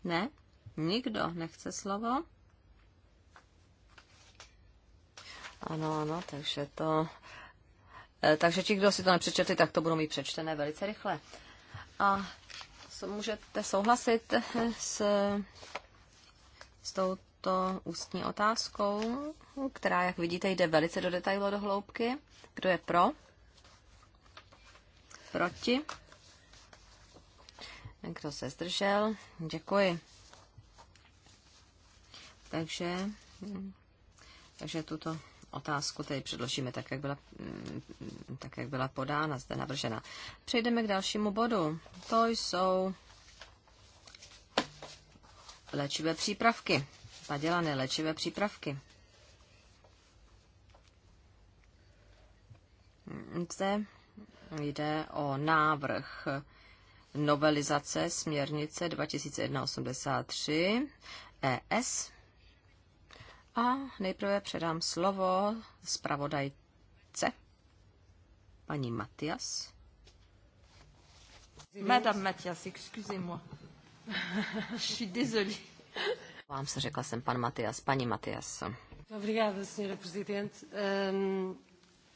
Ne? Nikdo nechce slovo? Ano, ano, takže to... Eh, takže ti, kdo si to nepřečetli, tak to budou mít přečtené velice rychle. A můžete souhlasit eh, s, s touto ústní otázkou, která, jak vidíte, jde velice do detailu, do hloubky. Kdo je pro? Proti? Kdo se zdržel? Děkuji. Takže, takže tuto otázku tedy předložíme tak, jak byla, mm, tak, jak byla podána, zde navržena. Přejdeme k dalšímu bodu. To jsou léčivé přípravky, padělané léčivé přípravky. Zde jde o návrh novelizace směrnice 2001-83 ES. A nejprve předám slovo zpravodajce, paní Matias. Madame Matias, excusez-moi. (laughs) Je suis désolée. Vám se řekla jsem pan Matias, paní Matias. Obrigada, senhora presidente. Um,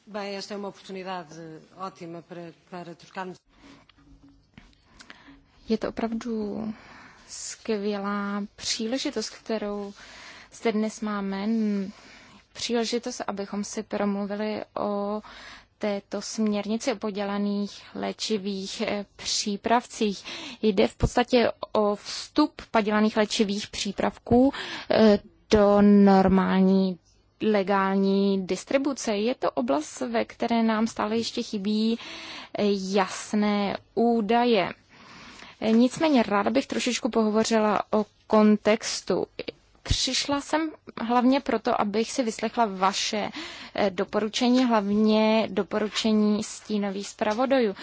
bem, esta é uma oportunidade ótima para, para trocarmos je to opravdu skvělá příležitost, kterou zde dnes máme. Příležitost, abychom si promluvili o této směrnici o podělaných léčivých eh, přípravcích. Jde v podstatě o vstup padělaných léčivých přípravků eh, do normální legální distribuce. Je to oblast, ve které nám stále ještě chybí eh, jasné údaje. Nicméně ráda bych trošičku pohovořila o kontextu. Přišla jsem hlavně proto, abych si vyslechla vaše eh, doporučení, hlavně doporučení stínových zpravodajů.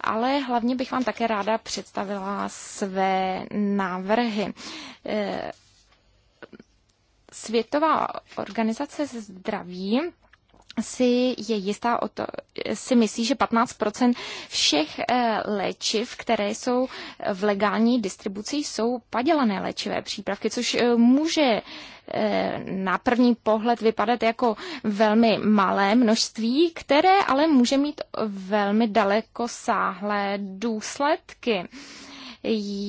Ale hlavně bych vám také ráda představila své návrhy. Eh, Světová organizace zdraví si je jistá o to, si myslí, že 15% všech eh, léčiv, které jsou v legální distribuci, jsou padělané léčivé přípravky, což eh, může eh, na první pohled vypadat jako velmi malé množství, které ale může mít velmi daleko sáhlé důsledky.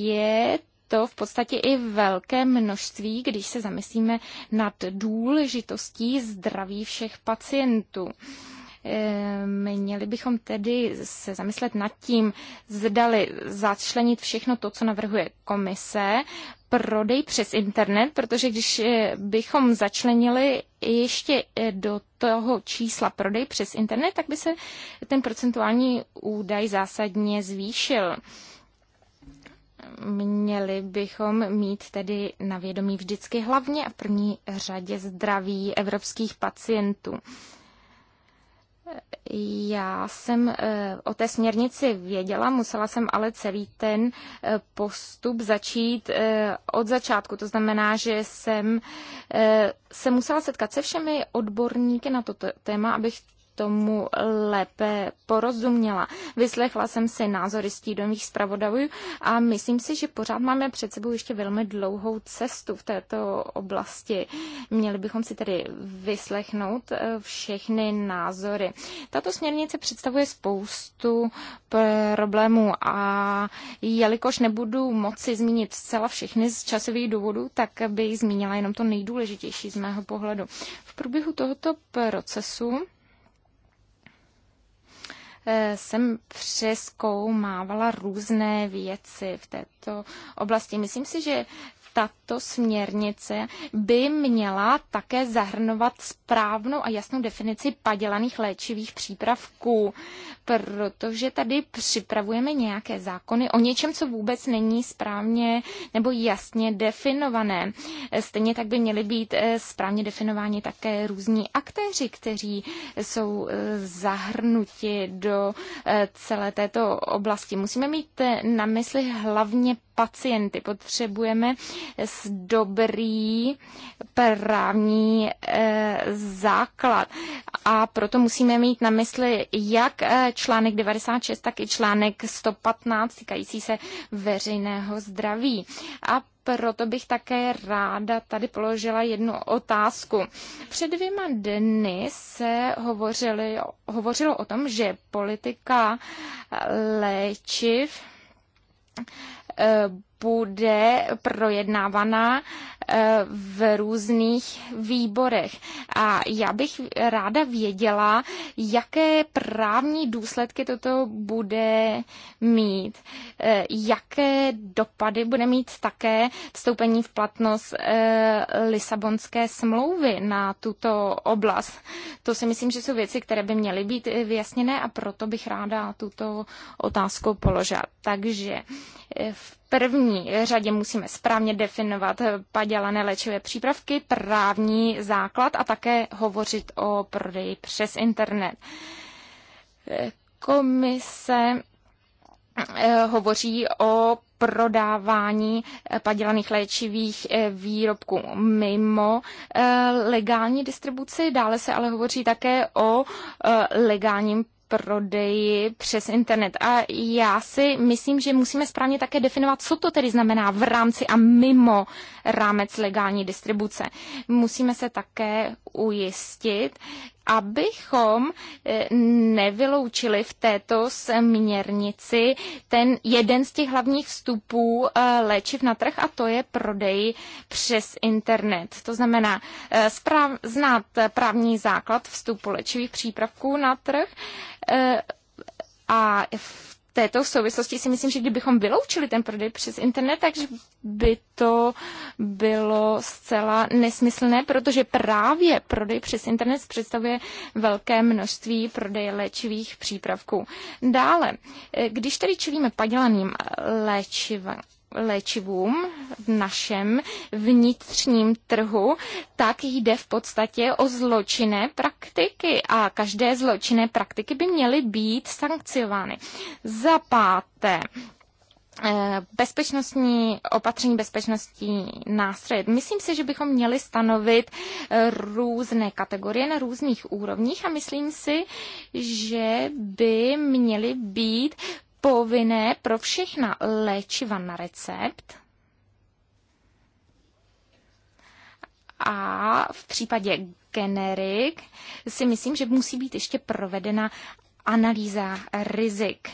Je to v podstatě i velké množství, když se zamyslíme nad důležitostí zdraví všech pacientů. Ehm, měli bychom tedy se zamyslet nad tím, zdali začlenit všechno to, co navrhuje komise, prodej přes internet, protože když eh, bychom začlenili ještě eh, do toho čísla prodej přes internet, tak by se ten procentuální údaj zásadně zvýšil měli bychom mít tedy na vědomí vždycky hlavně a v první řadě zdraví evropských pacientů. Já jsem eh, o té směrnici věděla, musela jsem ale celý ten eh, postup začít eh, od začátku. To znamená, že jsem se musela setkat se všemi odborníky na toto téma, abych tomu lépe porozuměla. Vyslechla jsem si názory stídomých zpravodajů a myslím si, že pořád máme před sebou ještě velmi dlouhou cestu v této oblasti. Měli bychom si tedy vyslechnout eh, všechny názory. Tato směrnice představuje spoustu problémů a jelikož nebudu moci zmínit zcela všechny z časových důvodů, tak bych zmínila jenom to nejdůležitější z mého pohledu. V průběhu tohoto procesu jsem přeskoumávala různé věci v této oblasti. Myslím si, že tato směrnice by měla také zahrnovat správnou a jasnou definici padělaných léčivých přípravků, protože tady připravujeme nějaké zákony o něčem, co vůbec není správně nebo jasně definované. Stejně tak by měly být eh, správně definováni také různí aktéři, kteří jsou eh, zahrnuti do eh, celé této oblasti. Musíme mít na mysli hlavně pacienty. Potřebujeme s dobrý právní eh, základ. A proto musíme mít na mysli jak eh, článek 96, tak i článek 115 týkající se veřejného zdraví. A proto bych také ráda tady položila jednu otázku. Před dvěma dny se hovořili, hovořilo o tom, že politika léčiv uh, bude projednávaná eh, v různých výborech. A já bych ráda věděla, jaké právní důsledky toto bude mít, eh, jaké dopady bude mít také vstoupení v platnost eh, Lisabonské smlouvy na tuto oblast. To si myslím, že jsou věci, které by měly být vyjasněné a proto bych ráda tuto otázku položila. Takže v první řadě musíme správně definovat padělané léčivé přípravky, právní základ a také hovořit o prodeji přes internet. Komise eh, hovoří o prodávání padělaných léčivých eh, výrobků mimo eh, legální distribuci. Dále se ale hovoří také o legálním prodeji přes internet. A já si myslím, že musíme správně také definovat, co to tedy znamená v rámci a mimo rámec legální distribuce. Musíme se také ujistit, abychom eh, nevyloučili v této směrnici ten jeden z těch hlavních vstupů eh, léčiv na trh a to je prodej přes internet. To znamená eh, správ, znát právní základ vstupu léčivých přípravků na trh a v této souvislosti si myslím, že kdybychom vyloučili ten prodej přes internet, takže by to bylo zcela nesmyslné, protože právě prodej přes internet představuje velké množství prodeje léčivých přípravků. Dále, eh, když tedy čelíme padělaným eh, léčivem, léčivům v našem vnitřním trhu, tak jde v podstatě o zločinné praktiky a každé zločinné praktiky by měly být sankciovány. Za páté, eh, bezpečnostní opatření, bezpečnostní nástroje. Myslím si, že bychom měli stanovit eh, různé kategorie na různých úrovních a myslím si, že by měly být povinné pro všechna léčiva na recept. A v případě generik si myslím, že musí být ještě provedena analýza rizik.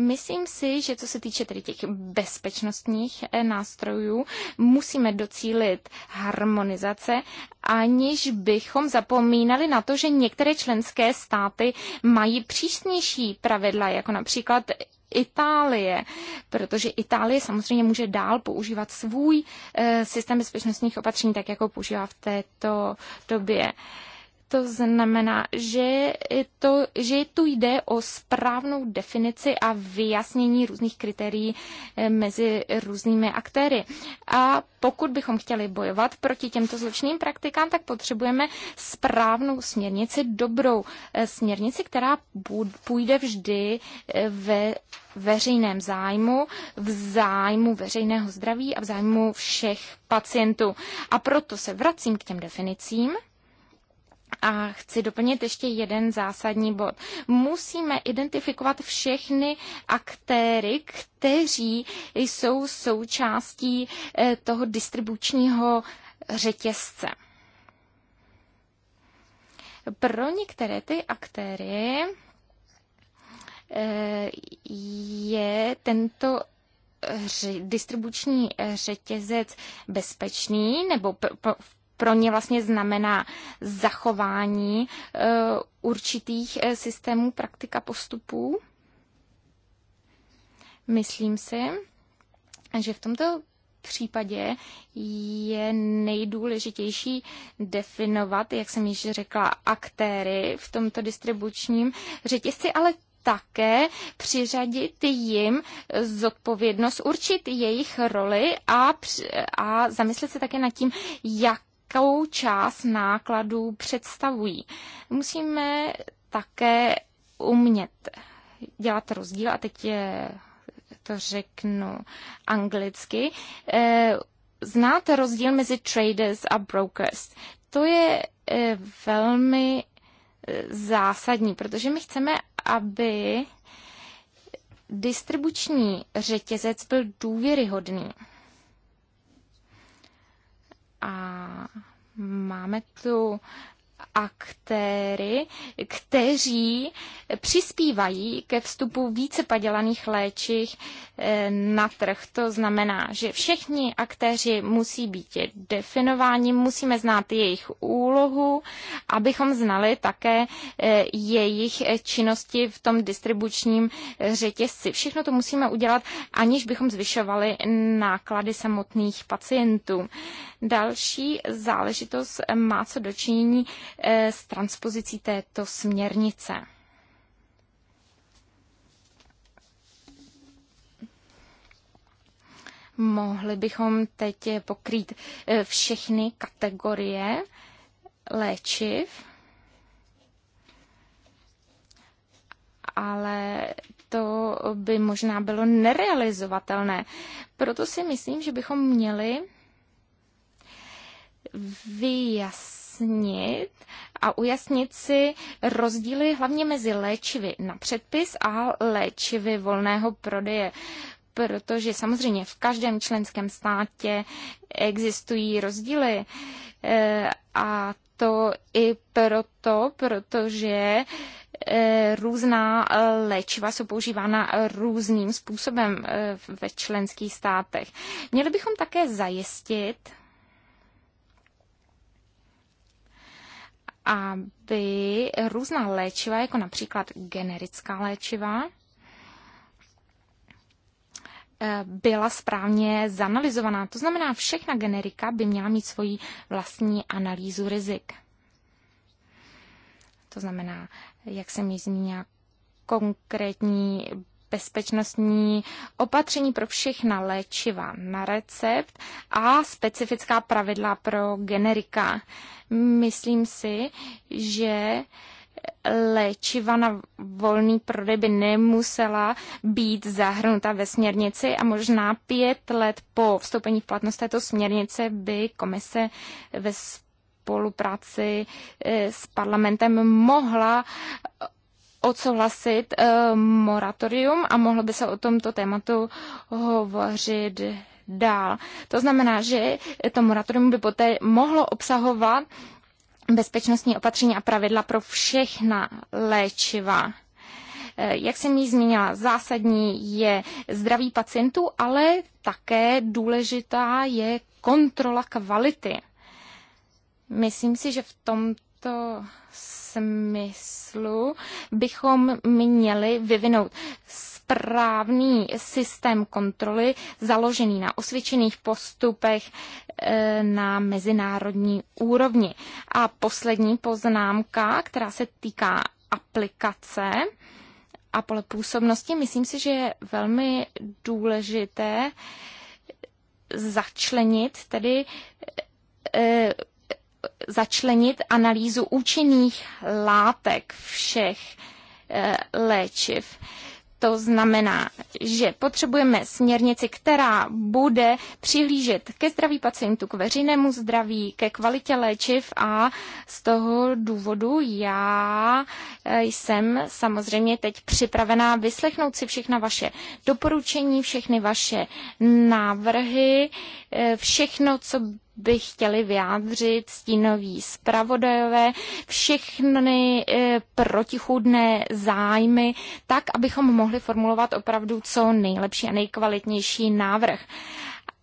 Myslím si, že co se týče tedy těch bezpečnostních eh, nástrojů, musíme docílit harmonizace, aniž bychom zapomínali na to, že některé členské státy mají přísnější pravidla, jako například Itálie, protože Itálie samozřejmě může dál používat svůj eh, systém bezpečnostních opatření, tak jako používá v této době. To znamená, že, to, že tu jde o správnou definici a vyjasnění různých kritérií eh, mezi různými aktéry. A pokud bychom chtěli bojovat proti těmto zločinným praktikám, tak potřebujeme správnou směrnici, dobrou eh, směrnici, která půjde vždy eh, ve veřejném zájmu, v zájmu veřejného zdraví a v zájmu všech pacientů. A proto se vracím k těm definicím. A chci doplnit ještě jeden zásadní bod. Musíme identifikovat všechny aktéry, kteří jsou součástí eh, toho distribučního řetězce. Pro některé ty aktéry eh, je tento distribuční řetězec bezpečný, nebo v pro ně vlastně znamená zachování eh, určitých eh, systémů praktika postupů? Myslím si, že v tomto případě je nejdůležitější definovat, jak jsem již řekla, aktéry v tomto distribučním řetězci, ale také přiřadit jim zodpovědnost, určit jejich roli a, a zamyslet se také nad tím, jak jakou část nákladů představují. Musíme také umět dělat rozdíl, a teď je, to řeknu anglicky, eh, znát rozdíl mezi traders a brokers. To je eh, velmi eh, zásadní, protože my chceme, aby distribuční řetězec byl důvěryhodný. A Máme tu aktéry, kteří přispívají ke vstupu více padělaných léčích eh, na trh. To znamená, že všichni aktéři musí být definováni, musíme znát jejich úlohu, abychom znali také eh, jejich činnosti v tom distribučním řetězci. Všechno to musíme udělat, aniž bychom zvyšovali náklady samotných pacientů. Další záležitost má co dočinění Eh, s transpozicí této směrnice. Mohli bychom teď pokrýt eh, všechny kategorie léčiv, ale to by možná bylo nerealizovatelné. Proto si myslím, že bychom měli vyjasnit, ujasnit a ujasnit si rozdíly hlavně mezi léčivy na předpis a léčivy volného prodeje protože samozřejmě v každém členském státě existují rozdíly eh, a to i proto, protože eh, různá eh, léčiva jsou používána různým způsobem ve členských státech. Měli bychom také zajistit, aby různá léčiva, jako například generická léčiva, eh, byla správně zanalizovaná. To znamená, všechna generika by měla mít svoji vlastní analýzu rizik. To znamená, jak jsem ji zmínila, konkrétní bezpečnostní opatření pro všechna léčiva na recept a specifická pravidla pro generika. Myslím si, že léčiva na volný prodej by nemusela být zahrnuta ve směrnici a možná pět let po vstoupení v platnost této směrnice by komise ve spolupráci eh, s parlamentem mohla odsouhlasit eh, moratorium a mohlo by se o tomto tématu hovořit dál. To znamená, že to moratorium by poté mohlo obsahovat bezpečnostní opatření a pravidla pro všechna léčiva. Eh, jak jsem ji zmínila, zásadní je zdraví pacientů, ale také důležitá je kontrola kvality. Myslím si, že v tomto smyslu bychom měli vyvinout správný systém kontroly založený na osvědčených postupech e, na mezinárodní úrovni. A poslední poznámka, která se týká aplikace a pole působnosti, myslím si, že je velmi důležité začlenit tedy e, začlenit analýzu účinných látek všech eh, léčiv. To znamená, že potřebujeme směrnici, která bude přihlížet ke zdraví pacientů, k veřejnému zdraví, ke kvalitě léčiv a z toho důvodu já eh, jsem samozřejmě teď připravená vyslechnout si všechna vaše doporučení, všechny vaše návrhy, eh, všechno, co by chtěli vyjádřit stínoví zpravodajové všechny e, protichůdné zájmy, tak, abychom mohli formulovat opravdu co nejlepší a nejkvalitnější návrh.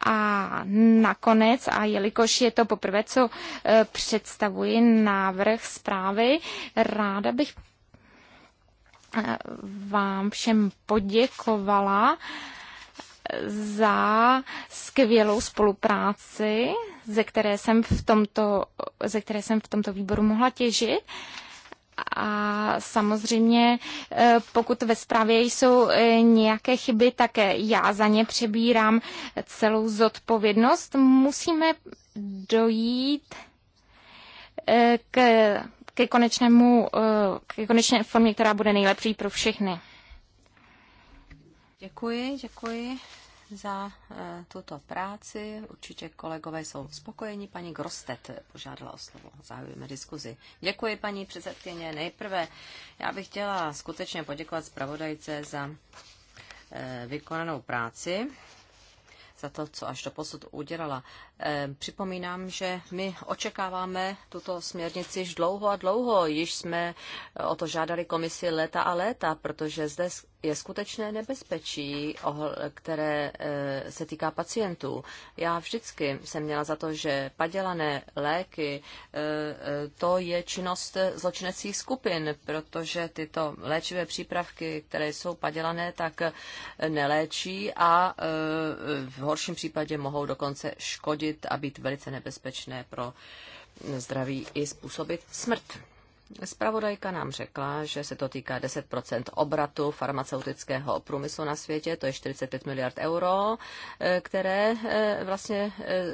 A nakonec, a jelikož je to poprvé, co e, představuji návrh zprávy, ráda bych e, vám všem poděkovala za skvělou spolupráci, ze které jsem v tomto, ze které jsem v tomto výboru mohla těžit. A samozřejmě, eh, pokud ve zprávě jsou eh, nějaké chyby, tak eh, já za ně přebírám celou zodpovědnost. Musíme dojít k, ke konečnému, ke konečné formě, která bude nejlepší pro všechny. Děkuji, děkuji za eh, tuto práci. Určitě kolegové jsou spokojeni. Paní Grostet požádala o slovo. Zahajujeme diskuzi. Děkuji, paní předsedkyně. Nejprve já bych chtěla skutečně poděkovat zpravodajce za eh, vykonanou práci za to, co až do posud udělala. Ehm, připomínám, že my očekáváme tuto směrnici již dlouho a dlouho. Již jsme eh, o to žádali komisi léta a léta, protože zde je skutečné nebezpečí, které eh, se týká pacientů. Já vždycky jsem měla za to, že padělané léky, eh, to je činnost zločinecích skupin, protože tyto léčivé přípravky, které jsou padělané, tak neléčí a v horším případě mohou dokonce škodit škodit a být velice nebezpečné pro zdraví i způsobit smrt. Spravodajka nám řekla, že se to týká 10 obratu farmaceutického průmyslu na světě, to je 45 miliard euro, eh, které eh, vlastně eh,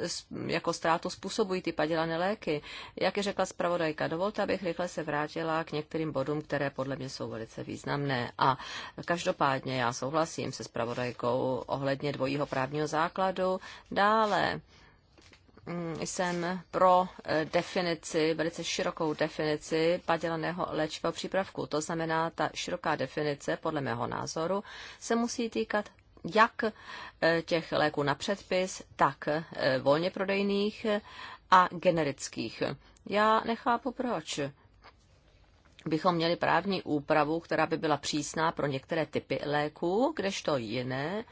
jako ztrátu způsobují ty padělané léky. Jak je řekla spravodajka, dovolte, abych rychle se vrátila k některým bodům, které podle mě jsou velice významné. A každopádně já souhlasím se spravodajkou ohledně dvojího právního základu. Dále Mm, jsem pro eh, definici, velice širokou definici padělaného léčivého přípravku. To znamená, ta široká definice, podle mého názoru, se musí týkat jak eh, těch léků na předpis, tak eh, volně prodejných a generických. Já nechápu proč. Bychom měli právní úpravu, která by byla přísná pro některé typy léků, kdežto jiné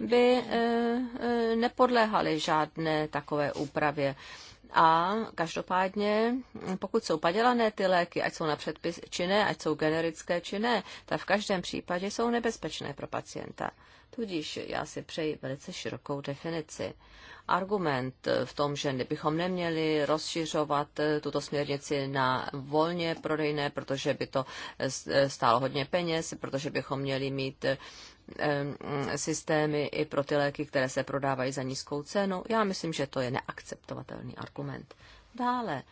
by eh, eh, nepodléhaly žádné takové úpravě. A každopádně, pokud jsou padělané ty léky, ať jsou na předpis či ne, ať jsou generické či ne, tak v každém případě jsou nebezpečné pro pacienta. Tudíž já si přeji velice širokou definici. Argument v tom, že bychom neměli rozšiřovat eh, tuto směrnici na volně prodejné, protože by to stálo hodně peněz, protože bychom měli mít Eh, systémy i pro ty léky, které se prodávají za nízkou cenu. Já myslím, že to je neakceptovatelný argument. Dále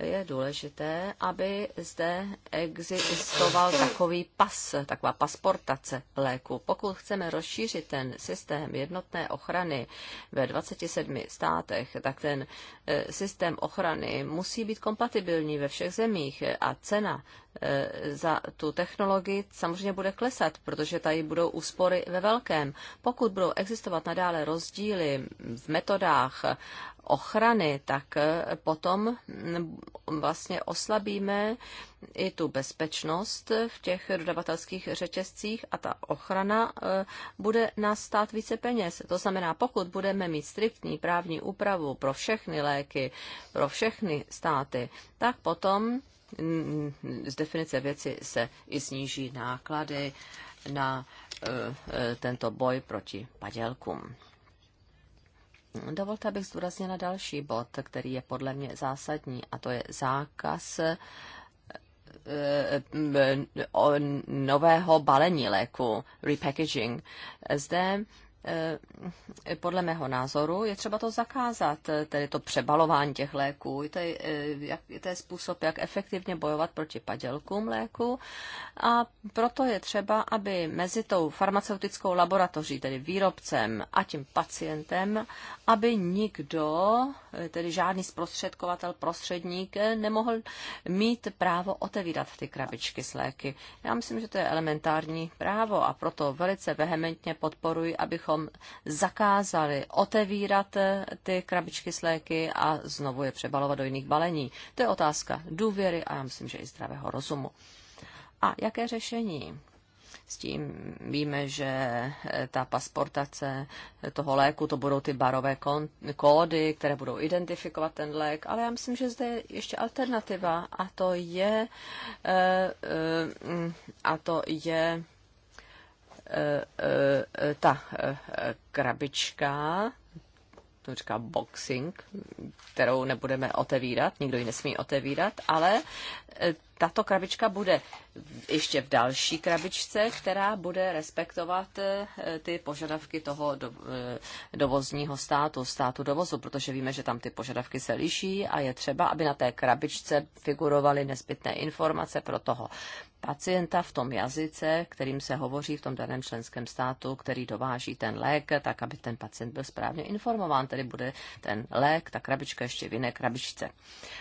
je důležité, aby zde existoval takový pas, taková pasportace léku. Pokud chceme rozšířit ten systém jednotné ochrany ve 27 státech, tak ten eh, systém ochrany musí být kompatibilní ve všech zemích a cena Eh, za tu technologii samozřejmě bude klesat, protože tady budou úspory ve velkém. Pokud budou existovat nadále rozdíly v metodách ochrany, tak eh, potom mm, vlastně oslabíme i tu bezpečnost v těch dodavatelských řetězcích a ta ochrana eh, bude nás stát více peněz. To znamená, pokud budeme mít striktní právní úpravu pro všechny léky, pro všechny státy, tak potom z definice věci se i sníží náklady na eh, eh, tento boj proti padělkům. Dovolte, abych zdůraznila další bod, který je podle mě zásadní, a to je zákaz eh, nového balení léku, repackaging. Zde Eh, podle mého názoru je třeba to zakázat, eh, tedy to přebalování těch léků. To je, eh, jak, to je způsob, jak efektivně bojovat proti padělkům léku. A proto je třeba, aby mezi tou farmaceutickou laboratoří, tedy výrobcem a tím pacientem, aby nikdo, tedy žádný zprostředkovatel, prostředník, nemohl mít právo otevírat ty krabičky s léky. Já myslím, že to je elementární právo a proto velice vehementně podporuji, abychom abychom zakázali otevírat eh, ty krabičky s léky a znovu je přebalovat do jiných balení. To je otázka důvěry a já myslím, že i zdravého rozumu. A jaké řešení? S tím víme, že eh, ta pasportace toho léku, to budou ty barové kódy, které budou identifikovat ten lék, ale já myslím, že zde je ještě alternativa a to je, eh, mm, a to je ta eh, krabička, to říká boxing, kterou nebudeme otevírat, nikdo ji nesmí otevírat, ale eh, tato krabička bude ještě v další krabičce, která bude respektovat eh, ty požadavky toho do, dovozního státu, státu dovozu, protože víme, že tam ty požadavky se liší a je třeba, aby na té krabičce figurovaly nezbytné informace pro toho pacienta v tom jazyce, kterým se hovoří v tom daném členském státu, který dováží ten lék, tak aby ten pacient byl správně informován, tedy bude ten lék, ta krabička ještě v jiné krabičce.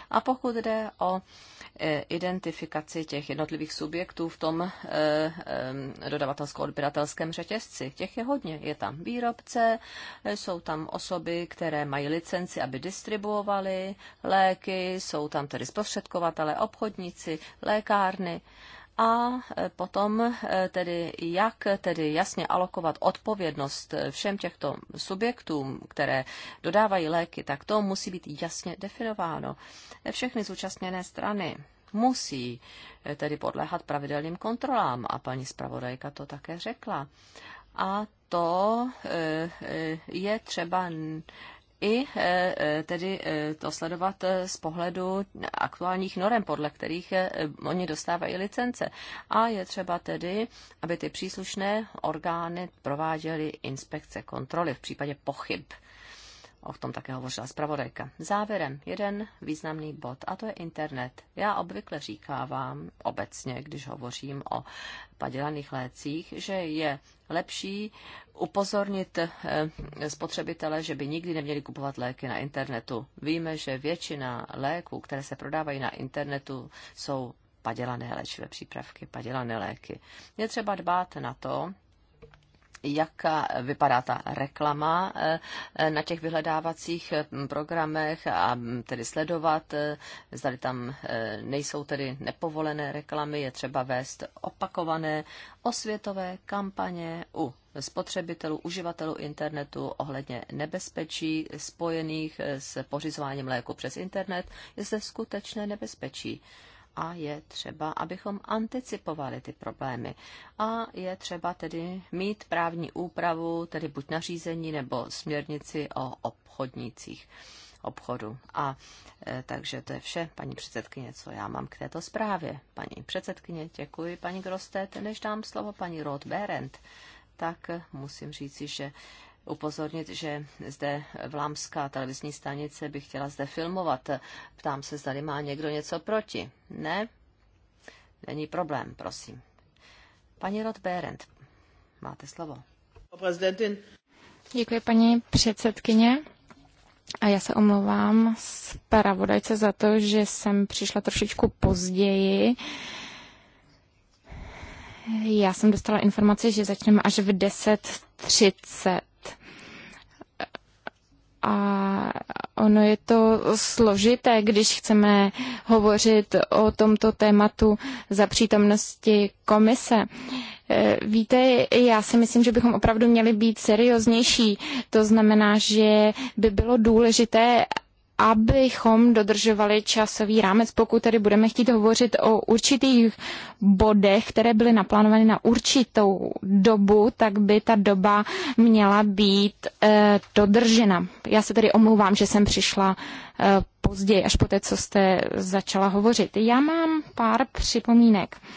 A pokud jde o e, identifikaci těch jednotlivých subjektů v tom e, e, dodavatelsko-odběratelském řetězci, těch je hodně. Je tam výrobce, jsou tam osoby, které mají licenci, aby distribuovali léky, jsou tam tedy zprostředkovatele, obchodníci, lékárny a potom eh, tedy jak tedy jasně alokovat odpovědnost eh, všem těchto subjektům, které dodávají léky, tak to musí být jasně definováno. Eh, všechny zúčastněné strany musí tedy podléhat pravidelným kontrolám a paní zpravodajka to také řekla. A to je třeba i eh, eh, tedy eh, to sledovat z pohledu aktuálních norem, podle kterých oni dostávají licence. A je třeba tedy, aby ty příslušné orgány prováděly inspekce kontroly v případě pochyb. O tom také hovořila zpravodajka. Závěrem jeden významný bod, a to je internet. Já obvykle říkávám obecně, když hovořím o padělaných lécích, že je lepší upozornit eh, spotřebitele, že by nikdy neměli kupovat léky na internetu. Víme, že většina léků, které se prodávají na internetu, jsou padělané léčivé přípravky, padělané léky. Je třeba dbát na to, jak vypadá ta reklama eh, na těch vyhledávacích hm, programech a hm, tedy sledovat, eh, zda tam eh, nejsou tedy nepovolené reklamy, je třeba vést opakované osvětové kampaně u spotřebitelů, uživatelů internetu ohledně nebezpečí spojených s pořizováním léku přes internet, je zde skutečné nebezpečí a je třeba, abychom anticipovali ty problémy. A je třeba tedy mít právní úpravu, tedy buď nařízení nebo směrnici o obchodnících obchodu. A e, takže to je vše, paní předsedkyně, co já mám k této zprávě. Paní předsedkyně, děkuji, paní Grostet. Než dám slovo paní Roth Berend, tak musím říci, že upozornit, že zde vlámská televizní stanice by chtěla zde filmovat. Ptám se, zda má někdo něco proti. Ne? Není problém, prosím. Paní Rod Berend, máte slovo. Děkuji, paní předsedkyně. A já se omlouvám z paravodajce za to, že jsem přišla trošičku později. Já jsem dostala informaci, že začneme až v 10.30. A ono je to složité, když chceme hovořit o tomto tématu za přítomnosti komise. E, víte, já si myslím, že bychom opravdu měli být serióznější. To znamená, že by bylo důležité, abychom dodržovali časový rámec, pokud tedy budeme chtít hovořit o určitých bodech, které byly naplánovány na určitou dobu, tak by ta doba měla být e, dodržena. Já se tedy omlouvám, že jsem přišla e, později, až po té, co jste začala hovořit. Já mám pár připomínek. E,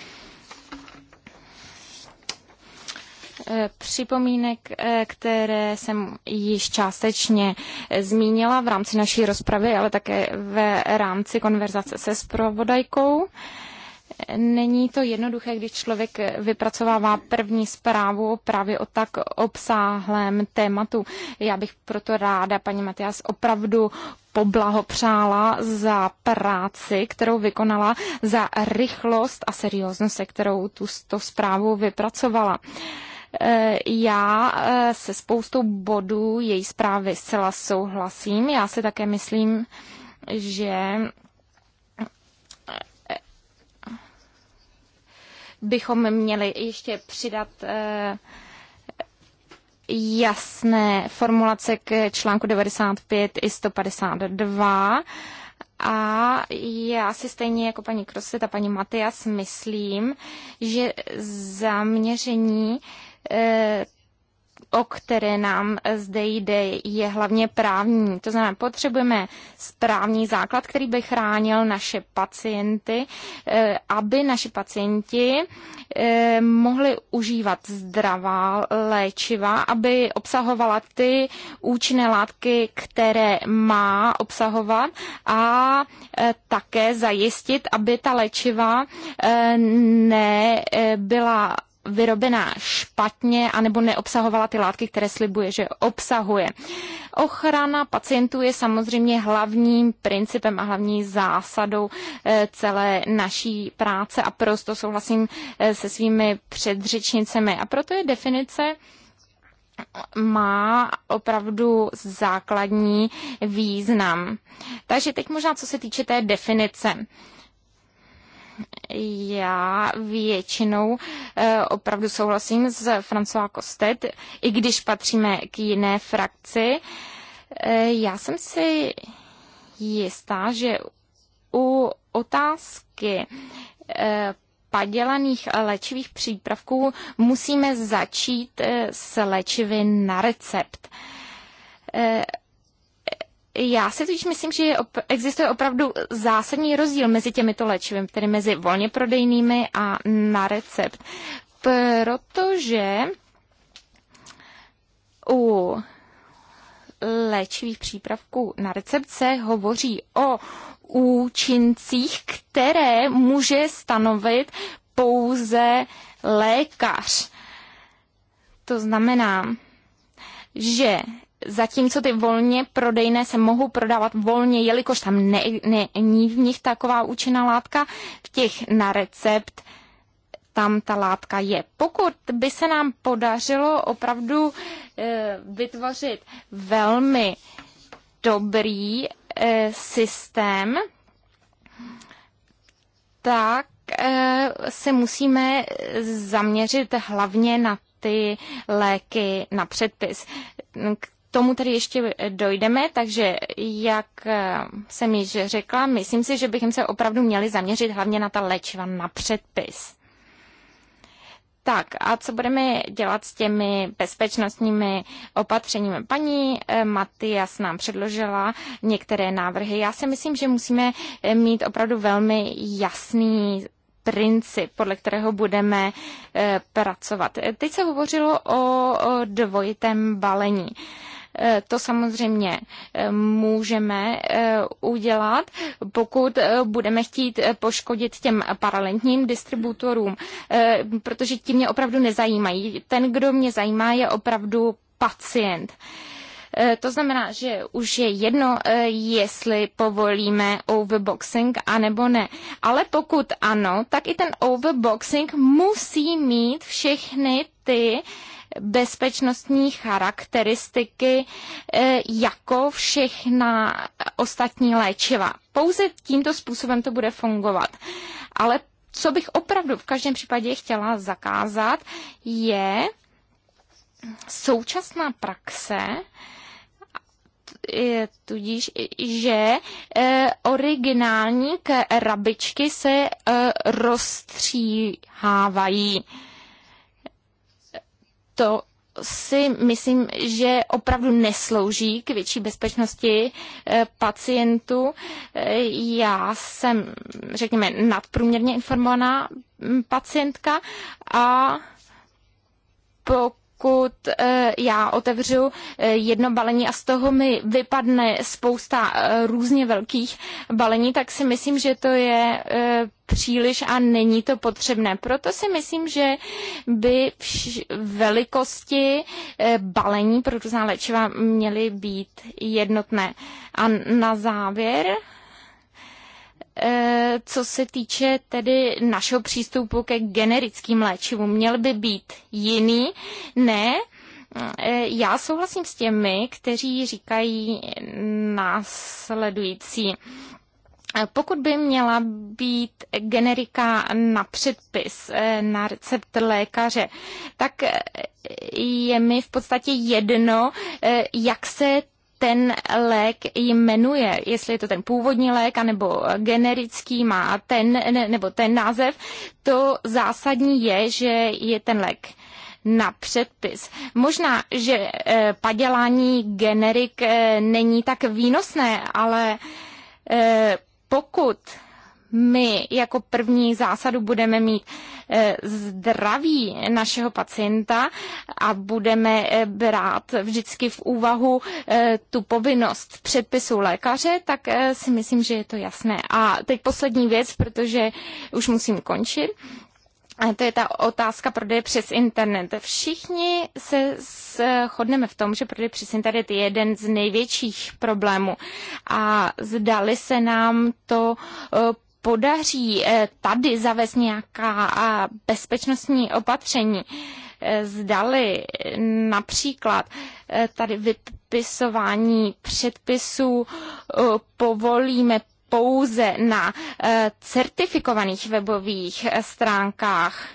Eh, připomínek, eh, které jsem již částečně eh, zmínila v rámci naší rozpravy, ale také v rámci konverzace se zpravodajkou. Není to jednoduché, když člověk vypracovává první zprávu právě o tak obsáhlém tématu. Já bych proto ráda, paní Matias, opravdu poblahopřála za práci, kterou vykonala, za rychlost a serióznost, se kterou tu zprávu vypracovala. Eh, Eh, já eh, se spoustou bodů její zprávy zcela souhlasím. Já si také myslím, že eh, bychom měli ještě přidat jasné formulace k článku 95 i 152. A já si stejně jako paní Kroslet a paní Matias myslím, že zaměření Eh, o které nám zde jde, je hlavně právní. To znamená, potřebujeme správný základ, který by chránil naše pacienty, eh, aby naši pacienti eh, mohli užívat zdravá léčiva, aby obsahovala ty účinné látky, které má obsahovat a také zajistit, aby ta léčiva nebyla vyrobená špatně anebo neobsahovala ty látky, které slibuje, že obsahuje. Ochrana pacientů je samozřejmě hlavním principem a hlavní zásadou eh, celé naší práce a prosto souhlasím eh, se svými předřečnicemi. A proto je definice má opravdu základní význam. Takže teď možná, co se týče té definice já většinou eh, opravdu souhlasím s François Kostet, i když patříme k jiné frakci. Eh, já jsem si jistá, že u otázky eh, padělaných léčivých přípravků musíme začít s léčivy na recept. Já si totiž myslím, že existuje opravdu zásadní rozdíl mezi těmito léčivy, tedy mezi volně prodejnými a na recept. Protože u léčivých přípravků na recept se hovoří o účincích, které může stanovit pouze lékař. To znamená, že zatímco ty volně prodejné se mohou prodávat volně, jelikož tam není v nich taková účinná látka, v těch na recept tam ta látka je. Pokud by se nám podařilo opravdu e, vytvořit velmi dobrý e, systém, tak e, se musíme zaměřit hlavně na ty léky na předpis, tomu tedy ještě eh, dojdeme, takže jak eh, jsem již řekla, myslím si, že bychom se opravdu měli zaměřit hlavně na ta léčiva na předpis. Tak a co budeme dělat s těmi bezpečnostními opatřeními? Paní eh, Matias nám předložila některé návrhy. Já si myslím, že musíme mít opravdu velmi jasný princip, podle kterého budeme pracovat. Teď se hovořilo o dvojitém balení. Eh, to samozřejmě eh, můžeme eh, udělat, pokud budeme chtít poškodit těm paralelním distributorům, protože ti mě opravdu nezajímají. Ten, kdo mě zajímá, je opravdu pacient. To znamená, že už je jedno, jestli povolíme overboxing a nebo ne. Ale pokud ano, tak i ten overboxing musí mít všechny ty uh, bezpečnostní charakteristiky e, jako všechna ostatní léčiva. Pouze tímto způsobem to bude fungovat. Ale co bych opravdu v každém případě chtěla zakázat, je současná praxe, e, tudíž, že e, originální krabičky se rozstříhávají to si myslím, že opravdu neslouží k větší bezpečnosti eh, pacientů. Eh, já jsem, řekněme, nadprůměrně informovaná mm, pacientka a pokud pokud eh, já otevřu eh, jedno balení a z toho mi vypadne spousta eh, různě velkých balení, tak si myslím, že to je příliš a není to potřebné. Proto si myslím, že by vš- velikosti balení pro různá léčiva měly být jednotné. A na závěr Eh, co se týče tedy našeho přístupu ke generickým léčivům, měl by být jiný? Ne, eh, já souhlasím s těmi, kteří říkají následující. Eh, pokud by měla být generika na předpis, na recept lékaře, tak je mi v podstatě jedno, jak se ten lék jmenuje, jestli je to ten původní lék, anebo generický má ten, nebo ten název, to zásadní je, že je ten lék na předpis. Možná, že eh, padělání generik eh, není tak výnosné, ale eh, pokud my jako první zásadu budeme mít eh, zdraví našeho pacienta a budeme eh, brát vždycky v úvahu eh, tu povinnost předpisu lékaře, tak si myslím, že je to jasné. A teď poslední věc, protože už musím končit. A to je ta otázka prodeje přes internet. Všichni se shodneme v tom, že prodej přes internet je jeden z největších problémů. A zdali se nám to podaří eh, tady zavést nějaká bezpečnostní opatření, eh, zdali například eh, tady vypisování předpisů povolíme pouze na certifikovaných webových stránkách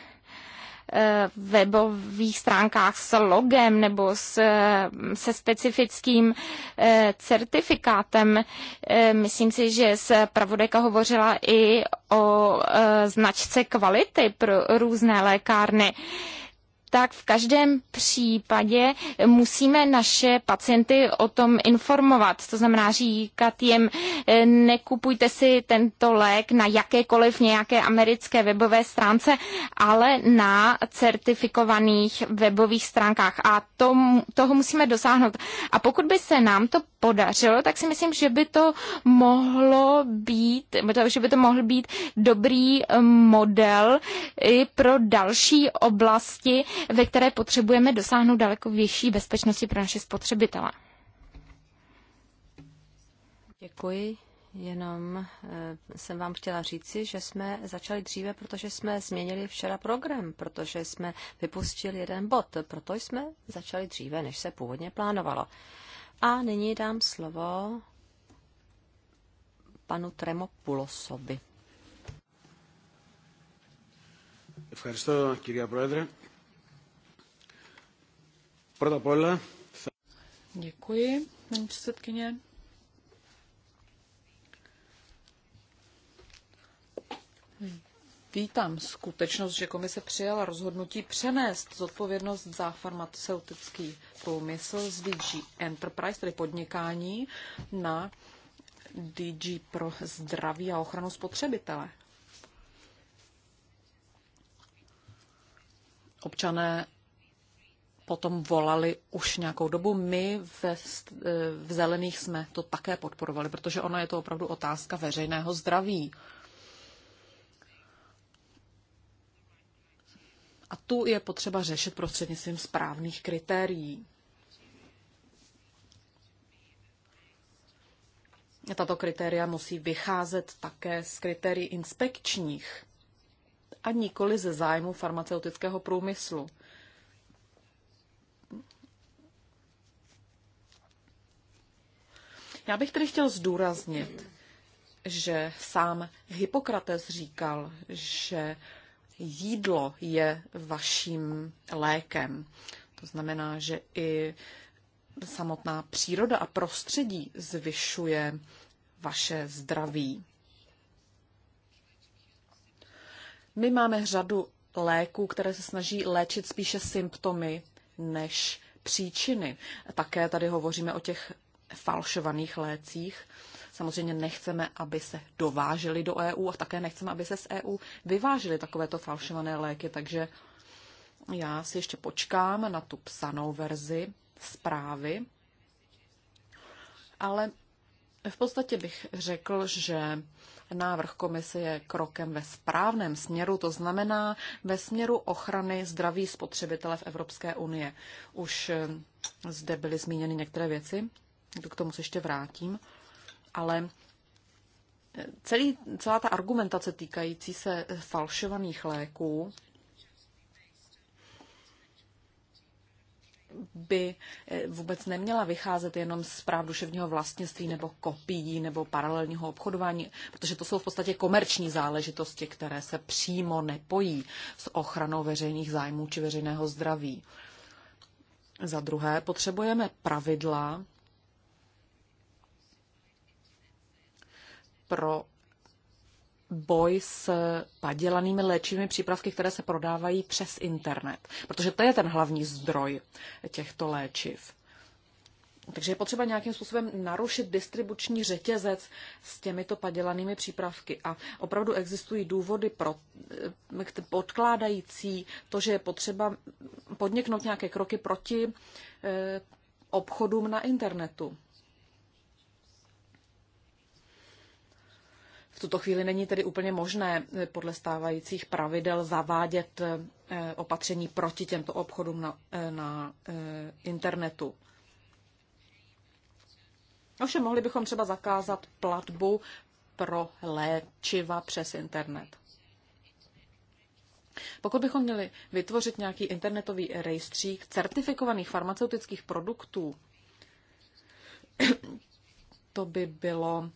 Eh, webových stránkách s logem nebo s, eh, se specifickým eh, certifikátem. Myslím si, že z pravodeka hovořila i o značce kvality pro různé lékárny tak v každém případě musíme naše pacienty o tom informovat. To znamená říkat jim, eh, nekupujte si tento lék na jakékoliv nějaké americké webové stránce, ale na certifikovaných webových stránkách. A tom, toho musíme dosáhnout. A pokud by se nám to podařilo, tak si myslím, že by to mohlo být, že by to mohl být dobrý eh, model i pro další oblasti, ve které potřebujeme dosáhnout daleko větší bezpečnosti pro naše spotřebitele. Děkuji. Jenom eh, jsem vám chtěla říci, že jsme začali dříve, protože jsme změnili včera program, protože jsme vypustili jeden bod, proto jsme začali dříve, než se původně plánovalo. A nyní dám slovo panu Tremopulosovi. Děkuji, paní předsedkyně. Vítám skutečnost, že komise přijala rozhodnutí přenést zodpovědnost za farmaceutický průmysl z DG Enterprise, tedy podnikání, na DG pro zdraví a ochranu spotřebitele. Občané potom volali už nějakou dobu. My ve, eh, v Zelených jsme to také podporovali, protože ona je to opravdu otázka veřejného zdraví. A tu je potřeba řešit prostřednictvím správných kritérií. Tato kritéria musí vycházet také z kritérií inspekčních a nikoli ze zájmu farmaceutického průmyslu. Já bych tedy chtěl zdůraznit, že sám Hippokrates říkal, že jídlo je vaším lékem. To znamená, že i samotná příroda a prostředí zvyšuje vaše zdraví. My máme řadu léků, které se snaží léčit spíše symptomy než příčiny. Také tady hovoříme o těch falšovaných lécích. Samozřejmě nechceme, aby se dovážely do EU a také nechceme, aby se z EU vyvážely takovéto falšované léky, takže já si ještě počkám na tu psanou verzi zprávy, ale v podstatě bych řekl, že návrh komise je krokem ve správném směru, to znamená ve směru ochrany zdraví spotřebitele v Evropské unie. Už eh, zde byly zmíněny některé věci k tomu se ještě vrátím, ale e, celý, celá ta argumentace týkající se e, falšovaných léků by e, vůbec neměla vycházet jenom z práv duševního vlastnictví nebo kopií nebo paralelního obchodování, protože to jsou v podstatě komerční záležitosti, které se přímo nepojí s ochranou veřejných zájmů či veřejného zdraví. Za druhé, potřebujeme pravidla, pro boj s padělanými léčivými přípravky, které se prodávají přes internet. Protože to je ten hlavní zdroj těchto léčiv. Takže je potřeba nějakým způsobem narušit distribuční řetězec s těmito padělanými přípravky. A opravdu existují důvody pro, eh, podkládající to, že je potřeba podniknout nějaké kroky proti eh, obchodům na internetu. V tuto chvíli není tedy úplně možné eh, podle stávajících pravidel zavádět eh, eh, opatření proti těmto obchodům na, na internetu. Ovšem mohli bychom třeba zakázat platbu pro léčiva přes internet. Pokud bychom měli vytvořit nějaký internetový rejstřík certifikovaných farmaceutických produktů, (clears throat) to by bylo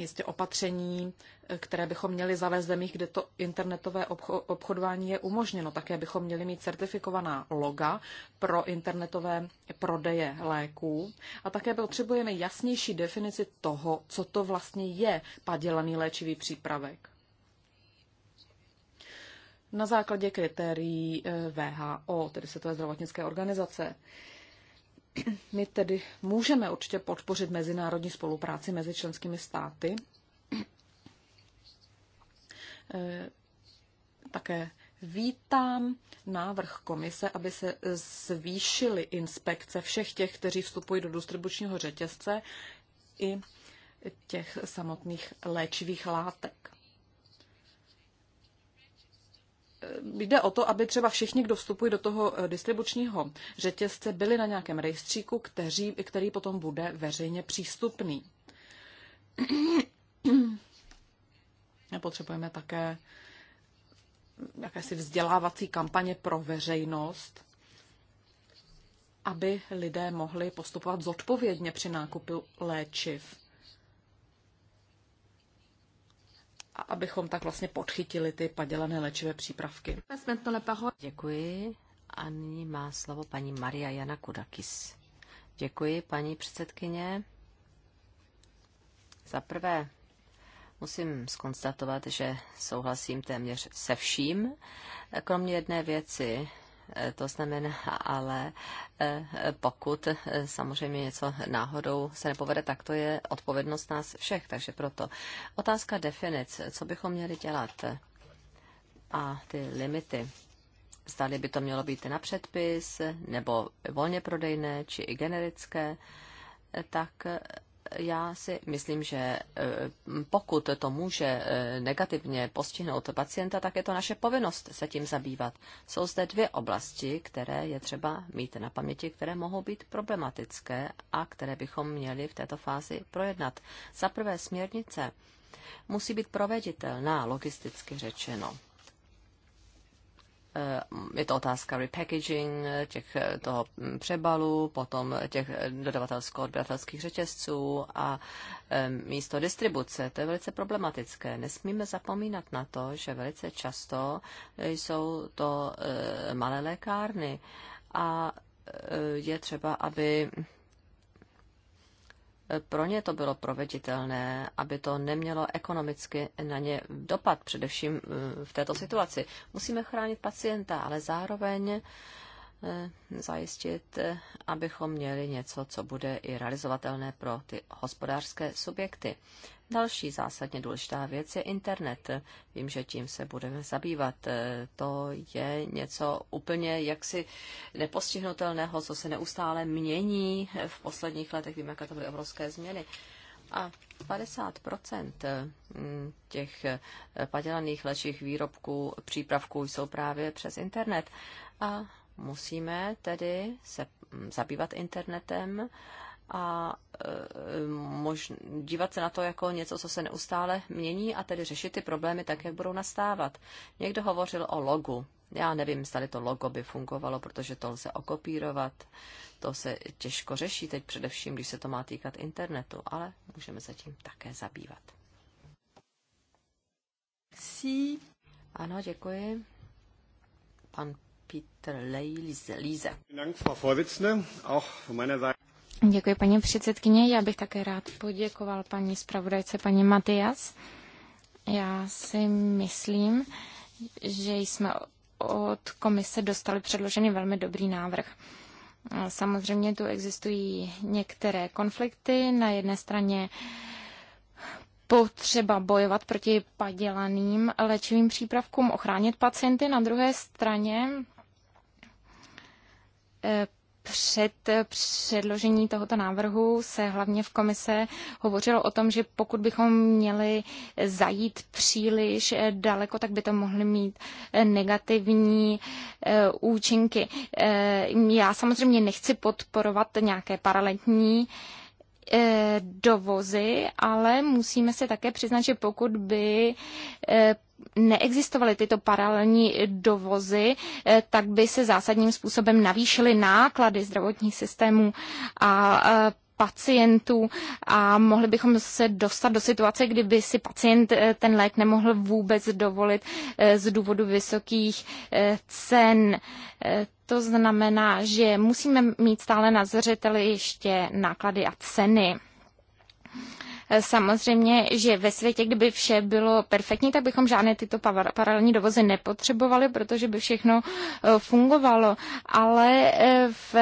jistě opatření, eh, které bychom měli zavést v zemích, kde to internetové obchodování je umožněno. Také bychom měli mít certifikovaná loga pro internetové prodeje léků. A také potřebujeme jasnější definici toho, co to vlastně je padělaný léčivý přípravek. Na základě kritérií eh, VHO, tedy Světové zdravotnické organizace, my tedy můžeme určitě podpořit mezinárodní spolupráci mezi členskými státy. Eh, také vítám návrh komise, aby se zvýšily inspekce všech těch, kteří vstupují do distribučního řetězce i těch samotných léčivých látek. Eh, jde o to, aby třeba všichni, kdo vstupují do toho eh, distribučního řetězce, byli na nějakém rejstříku, kteří, který potom bude veřejně přístupný. (clears throat) Potřebujeme také jakési vzdělávací kampaně pro veřejnost, aby lidé mohli postupovat zodpovědně při nákupu léčiv. abychom tak vlastně podchytili ty padělané léčivé přípravky. Děkuji. A nyní má slovo paní Maria Jana Kudakis. Děkuji, paní předsedkyně. Za prvé musím skonstatovat, že souhlasím téměř se vším, kromě jedné věci, Eh, to znamená, ale eh, pokud eh, samozřejmě něco náhodou se nepovede, tak to je odpovědnost nás všech. Takže proto otázka definic, co bychom měli dělat a ty limity. Zdali by to mělo být na předpis, nebo volně prodejné, či i generické, tak já si myslím, že eh, pokud to může eh, negativně postihnout pacienta, tak je to naše povinnost se tím zabývat. Jsou zde dvě oblasti, které je třeba mít na paměti, které mohou být problematické a které bychom měli v této fázi projednat. Za prvé směrnice musí být proveditelná, logisticky řečeno. Eh, je to otázka repackaging, těch eh, toho přebalu, potom těch dodavatelsko-odběratelských řetězců a eh, místo distribuce. To je velice problematické. Nesmíme zapomínat na to, že velice často jsou to malé lékárny a je třeba, aby pro ně to bylo proveditelné, aby to nemělo ekonomicky na ně dopad, především eh, v této situaci. Musíme chránit pacienta, ale zároveň Eh, zajistit, eh, abychom měli něco, co bude i realizovatelné pro ty hospodářské subjekty. Další zásadně důležitá věc je internet. Vím, že tím se budeme zabývat. Eh, to je něco úplně jaksi nepostihnutelného, co se neustále mění. V posledních letech víme, jaké to byly obrovské změny. A 50 mm, těch padělaných léčivých výrobků, přípravků jsou právě přes internet. A musíme tedy se mm, zabývat internetem a e, mož, dívat se na to jako něco, co se neustále mění a tedy řešit ty problémy tak, jak budou nastávat. Někdo hovořil o logu. Já nevím, zda to logo by fungovalo, protože to lze okopírovat. To se těžko řeší teď především, když se to má týkat internetu, ale můžeme se tím také zabývat. Sí. Ano, děkuji. Pan Peter Děkuji, paní předsedkyně. Já bych také rád poděkoval paní zpravodajce, paní Matias. Já si myslím, že jsme od komise dostali předložený velmi dobrý návrh. Samozřejmě tu existují některé konflikty. Na jedné straně potřeba bojovat proti padělaným léčivým přípravkům, ochránit pacienty. Na druhé straně před předložení tohoto návrhu se hlavně v komise hovořilo o tom, že pokud bychom měli zajít příliš daleko, tak by to mohly mít negativní eh, účinky. Eh, já samozřejmě nechci podporovat nějaké paralelní eh, dovozy, ale musíme se také přiznat, že pokud by neexistovaly tyto paralelní dovozy, eh, tak by se zásadním způsobem navýšily náklady zdravotních systémů a eh, pacientů a mohli bychom se dostat do situace, kdyby si pacient eh, ten lék nemohl vůbec dovolit z důvodu vysokých cen. To znamená, že musíme mít stále na zřeteli ještě náklady a ceny. Samozřejmě, že ve světě, kdyby vše bylo perfektní, tak bychom žádné tyto paralelní dovozy nepotřebovali, protože by všechno eh, fungovalo. Ale eh, v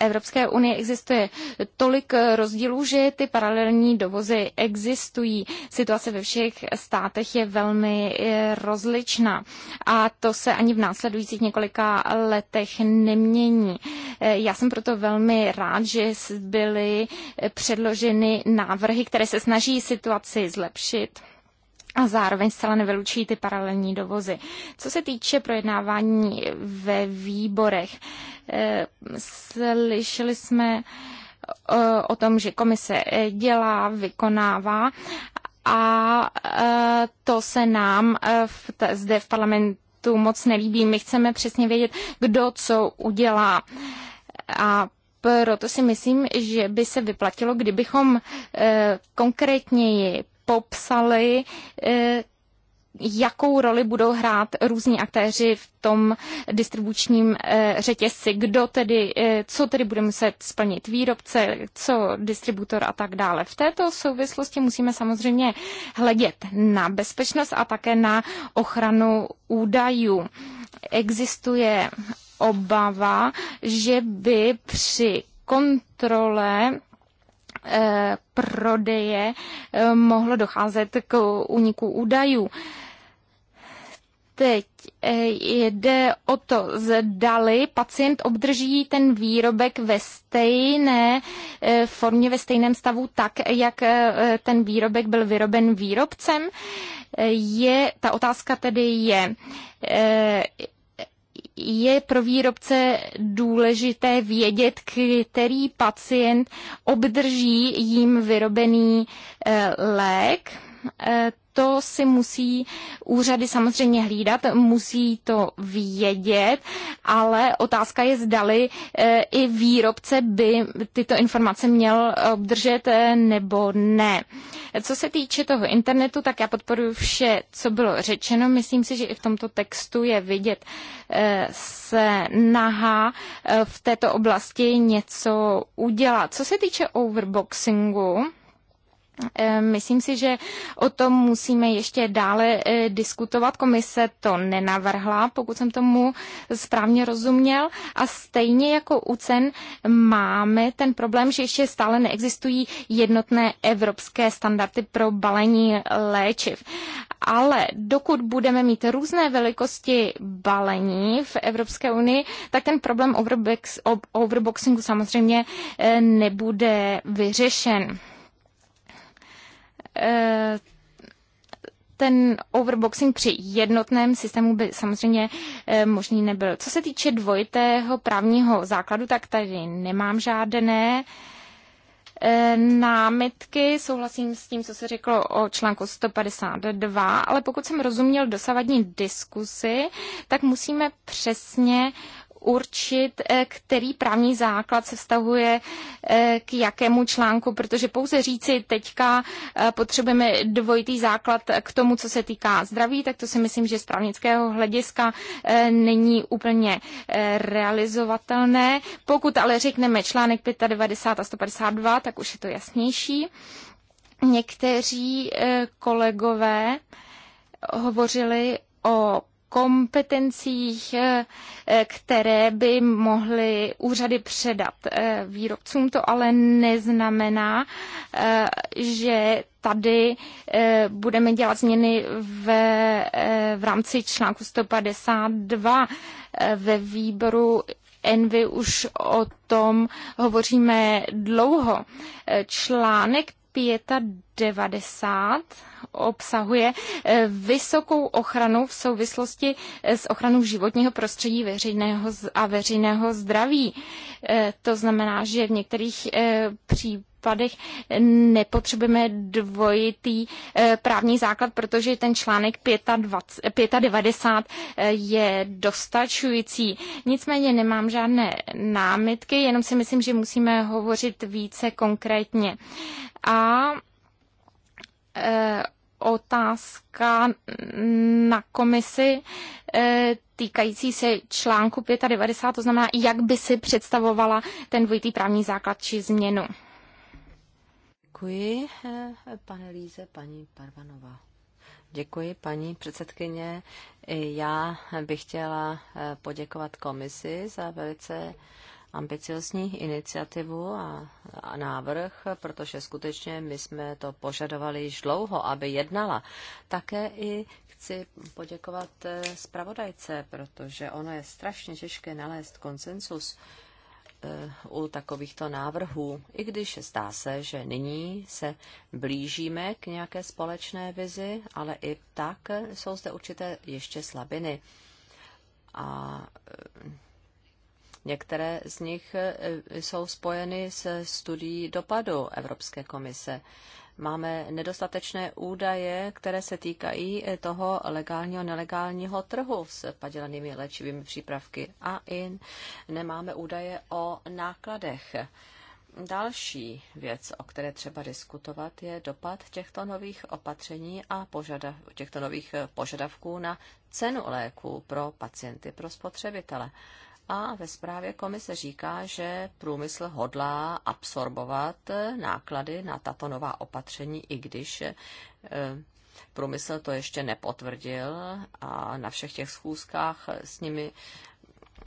Evropské unii existuje tolik rozdílů, že ty paralelní dovozy existují. Situace ve všech státech je velmi eh, rozličná a to se ani v následujících několika letech nemění. Já jsem proto velmi rád, že byly předloženy návrhy, které se snaží situaci zlepšit a zároveň zcela nevylučují ty paralelní dovozy. Co se týče projednávání ve výborech, eh, slyšeli jsme eh, o tom, že komise eh, dělá, vykonává a to se nám v, zde v parlamentu moc nelíbí. My chceme přesně vědět, kdo co udělá. A proto si myslím, že by se vyplatilo, kdybychom eh, konkrétněji popsali, eh, jakou roli budou hrát různí aktéři v tom distribučním eh, řetězci, kdo tedy, co tedy bude muset splnit výrobce, co distributor a tak dále. V této souvislosti musíme samozřejmě hledět na bezpečnost a také na ochranu údajů. Existuje obava, že by při kontrole eh, prodeje eh, mohlo docházet k úniku údajů. Teď eh, jde o to, zdali pacient obdrží ten výrobek ve stejné formě, ve stejném stavu, tak, jak ten výrobek byl vyroben výrobcem. Je, ta otázka tedy je, je pro výrobce důležité vědět, který pacient obdrží jím vyrobený eh, lék eh, to si musí úřady samozřejmě hlídat, musí to vědět, ale otázka je, zdali eh, i výrobce by tyto informace měl eh, obdržet eh, nebo ne. Co se týče toho internetu, tak já podporuji vše, co bylo řečeno. Myslím si, že i v tomto textu je vidět se nahá v této oblasti něco udělat. Co se týče overboxingu, Eh, myslím si, že o tom musíme ještě dále eh, diskutovat. Komise to nenavrhla, pokud jsem tomu správně rozuměl. A stejně jako u cen máme ten problém, že ještě stále neexistují jednotné evropské standardy pro balení léčiv. Ale dokud budeme mít různé velikosti balení v Evropské unii, tak ten problém overboxingu samozřejmě eh, nebude vyřešen ten overboxing při jednotném systému by samozřejmě eh, možný nebyl. Co se týče dvojitého právního základu, tak tady nemám žádné eh, námitky, souhlasím s tím, co se řeklo o článku 152, ale pokud jsem rozuměl dosavadní diskusy, tak musíme přesně určit, eh, který právní základ se vztahuje eh, k jakému článku, protože pouze říci teďka eh, potřebujeme dvojitý základ k tomu, co se týká zdraví, tak to si myslím, že z právnického hlediska není úplně realizovatelné. Pokud ale řekneme článek 95 a 152, tak už je to jasnější. Někteří kolegové hovořili o kompetencích, eh, které by mohly úřady předat eh, výrobcům. To ale neznamená, eh, že tady budeme dělat změny v, v rámci článku 152 ve výboru Envy už o tom hovoříme dlouho. Článek 90 obsahuje eh, vysokou ochranu v souvislosti eh, s ochranou životního prostředí veřejného a veřejného zdraví. Eh, to znamená, že v některých případech nepotřebujeme dvojitý právní základ, protože ten článek 95 je dostačující. Nicméně nemám žádné námitky, jenom si myslím, že musíme hovořit více konkrétně. A Eh, otázka na komisi eh, týkající se článku 95, to znamená, jak by si představovala ten dvojitý právní základ či změnu. Děkuji, eh, pane Líze, paní Parvanová. Děkuji, paní předsedkyně. Já bych chtěla poděkovat komisi za velice ambiciozní iniciativu a, a návrh, protože skutečně my jsme to požadovali již dlouho, aby jednala. Také i chci poděkovat eh, zpravodajce, protože ono je strašně těžké nalézt konsensus eh, u takovýchto návrhů, i když zdá se, že nyní se blížíme k nějaké společné vizi, ale i tak jsou zde určité ještě slabiny. A eh, Některé z nich e, jsou spojeny se studií dopadu Evropské komise. Máme nedostatečné údaje, které se týkají e, toho legálního nelegálního trhu s padělanými léčivými přípravky a i nemáme údaje o nákladech. Další věc, o které třeba diskutovat, je dopad těchto nových opatření a požadav, těchto nových e, požadavků na cenu léků pro pacienty, pro spotřebitele. A ve zprávě komise říká, že průmysl hodlá absorbovat náklady na tato nová opatření, i když eh, průmysl to ještě nepotvrdil a na všech těch schůzkách s nimi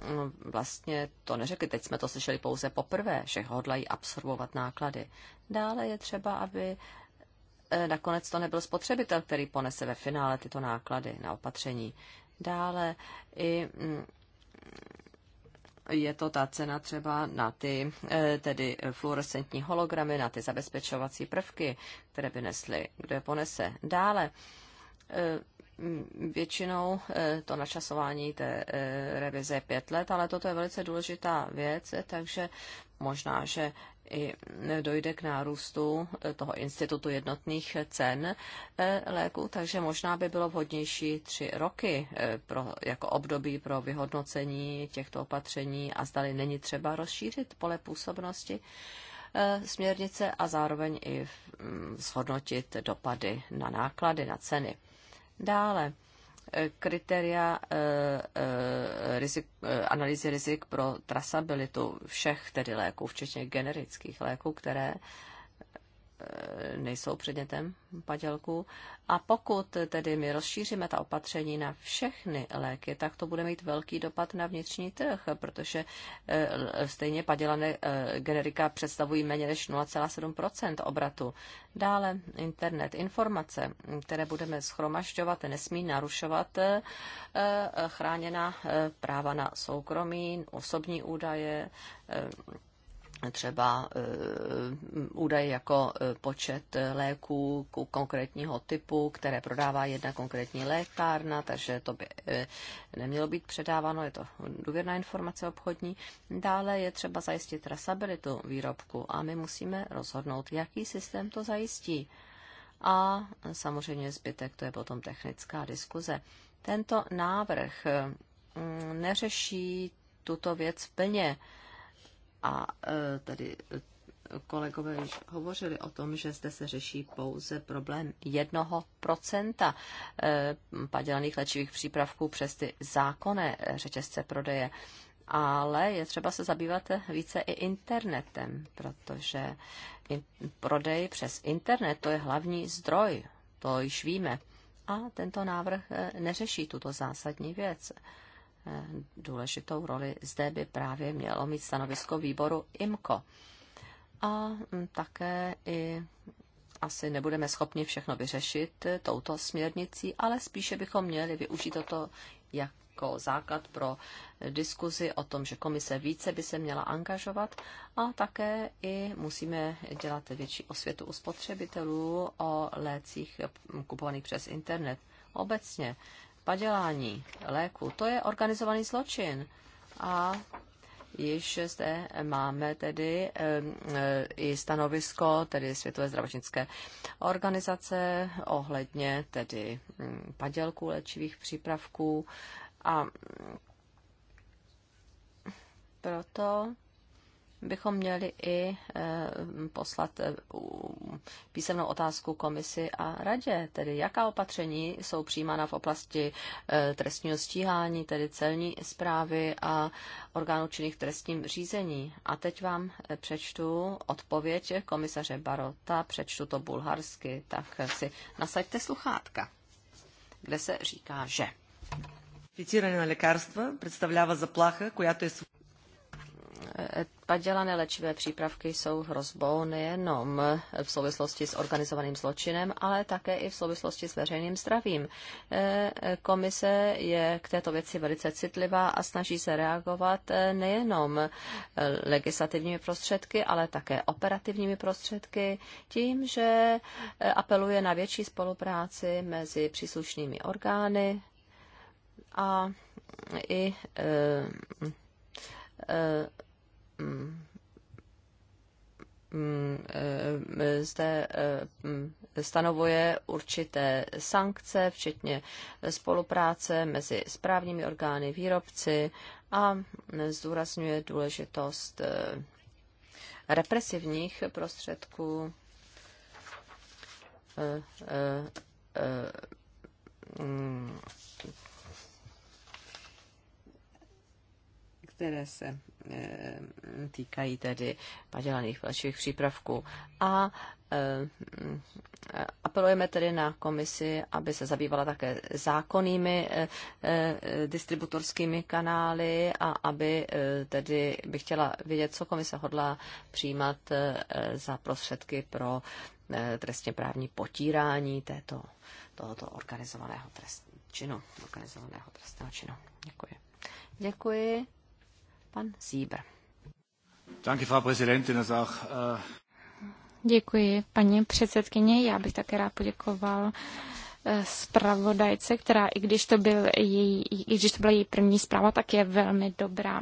mm, vlastně to neřekli. Teď jsme to slyšeli pouze poprvé, že hodlají absorbovat náklady. Dále je třeba, aby eh, nakonec to nebyl spotřebitel, který ponese ve finále tyto náklady na opatření. Dále i mm, je to ta cena třeba na ty eh, tedy fluorescentní hologramy, na ty zabezpečovací prvky, které by nesly, kdo je ponese. Dále eh, většinou eh, to načasování té revize je pět let, ale toto je velice důležitá věc, takže možná, že i dojde k nárůstu eh, toho institutu jednotných eh, cen eh, léku, takže možná by bylo vhodnější tři roky pro, jako období pro vyhodnocení těchto opatření a zdali není třeba rozšířit pole působnosti směrnice a zároveň i mm, shodnotit dopady na náklady, na ceny. Dále kritéria eh, eh, rizik, eh, analýzy rizik pro trasabilitu všech tedy léků, včetně generických léků, které E, nejsou předmětem padělku. A pokud tedy my rozšíříme ta opatření na všechny léky, tak to bude mít velký dopad na vnitřní trh, protože e, stejně padělané e, generika představují méně než 0,7 obratu. Dále internet, informace, které budeme schromažďovat, nesmí narušovat chráněná práva na soukromí, osobní údaje, třeba e, údaje jako e, počet e, léků ku konkrétního typu, které prodává jedna konkrétní lékárna, takže to by nemělo být předáváno, je to důvěrná informace obchodní. Dále je třeba zajistit trasabilitu výrobku a my musíme rozhodnout, jaký systém to zajistí. A samozřejmě zbytek to je potom technická diskuze. Tento návrh mm, neřeší tuto věc plně a e, tady kolegové již hovořili o tom, že zde se řeší pouze problém jednoho procenta e, padělaných léčivých přípravků přes ty zákonné e, řetězce prodeje. Ale je třeba se zabývat více i internetem, protože prodej přes internet to je hlavní zdroj, to již víme. A tento návrh neřeší tuto zásadní věc. Eh, důležitou roli zde by právě mělo mít stanovisko výboru IMCO. A mm, také i asi nebudeme schopni všechno vyřešit eh, touto směrnicí, ale spíše bychom měli využít toto jako základ pro diskuzi o tom, že komise více by se měla angažovat a také i musíme dělat větší osvětu u spotřebitelů o lécích mm, kupovaných přes internet obecně padělání léku, to je organizovaný zločin. A již zde máme tedy eh, i stanovisko tedy Světové zdravotnické organizace ohledně tedy mm, padělků léčivých přípravků a proto bychom měli i eh, poslat eh, písemnou otázku komisi a radě, tedy jaká opatření jsou přijímána v oblasti eh, trestního stíhání, tedy celní zprávy a orgánů činných trestním řízení. A teď vám přečtu odpověď komisaře Barota, přečtu to bulharsky, tak si nasaďte sluchátka, kde se říká, že. Фитиране на лекарства представлява заплаха, която е Padělané léčivé přípravky jsou hrozbou nejenom v souvislosti s organizovaným zločinem, ale také i v souvislosti s veřejným zdravím. E, komise je k této věci velice citlivá a snaží se reagovat e, nejenom e, legislativními prostředky, ale také operativními prostředky, tím, že apeluje na větší spolupráci mezi příslušnými orgány a i e, e, zde eh, stanovuje určité sankce, včetně spolupráce mezi správními orgány výrobci a zdůrazňuje důležitost eh, represivních prostředků eh, mm, které se Eh, týkají tedy padělaných léčivých přípravků. A eh, apelujeme tedy na komisi, aby se zabývala také zákonnými eh, distributorskými kanály a aby tedy bych chtěla vědět, co komise hodlá přijímat za prostředky pro trestně právní potírání této, tohoto organizovaného trestního činu, organizovaného trestného činu. Děkuji. Děkuji. Pan äh, Děkuji, paní předsedkyně. Já bych také rád poděkoval eh, zpravodajce, která i když to, byl její, i když to byla její první zpráva, tak je velmi dobrá.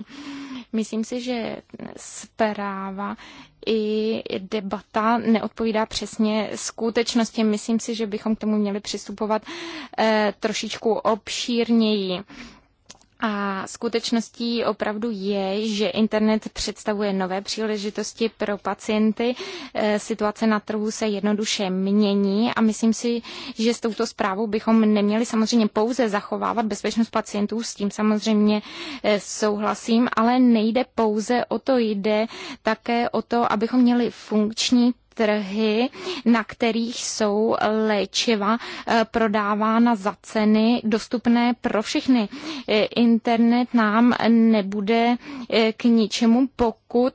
Myslím si, že zpráva i debata neodpovídá přesně skutečnosti. Myslím si, že bychom k tomu měli přistupovat eh, trošičku obšírněji. Eh, a skutečností opravdu je, že internet představuje nové příležitosti pro pacienty. E, situace na trhu se jednoduše mění a myslím si, že s touto zprávou bychom neměli samozřejmě pouze zachovávat bezpečnost pacientů, s tím samozřejmě e, souhlasím, ale nejde pouze o to, jde také o to, abychom měli funkční trhy, na kterých jsou léčiva eh, prodávána za ceny dostupné pro všechny. Eh, internet nám nebude eh, k ničemu, pokud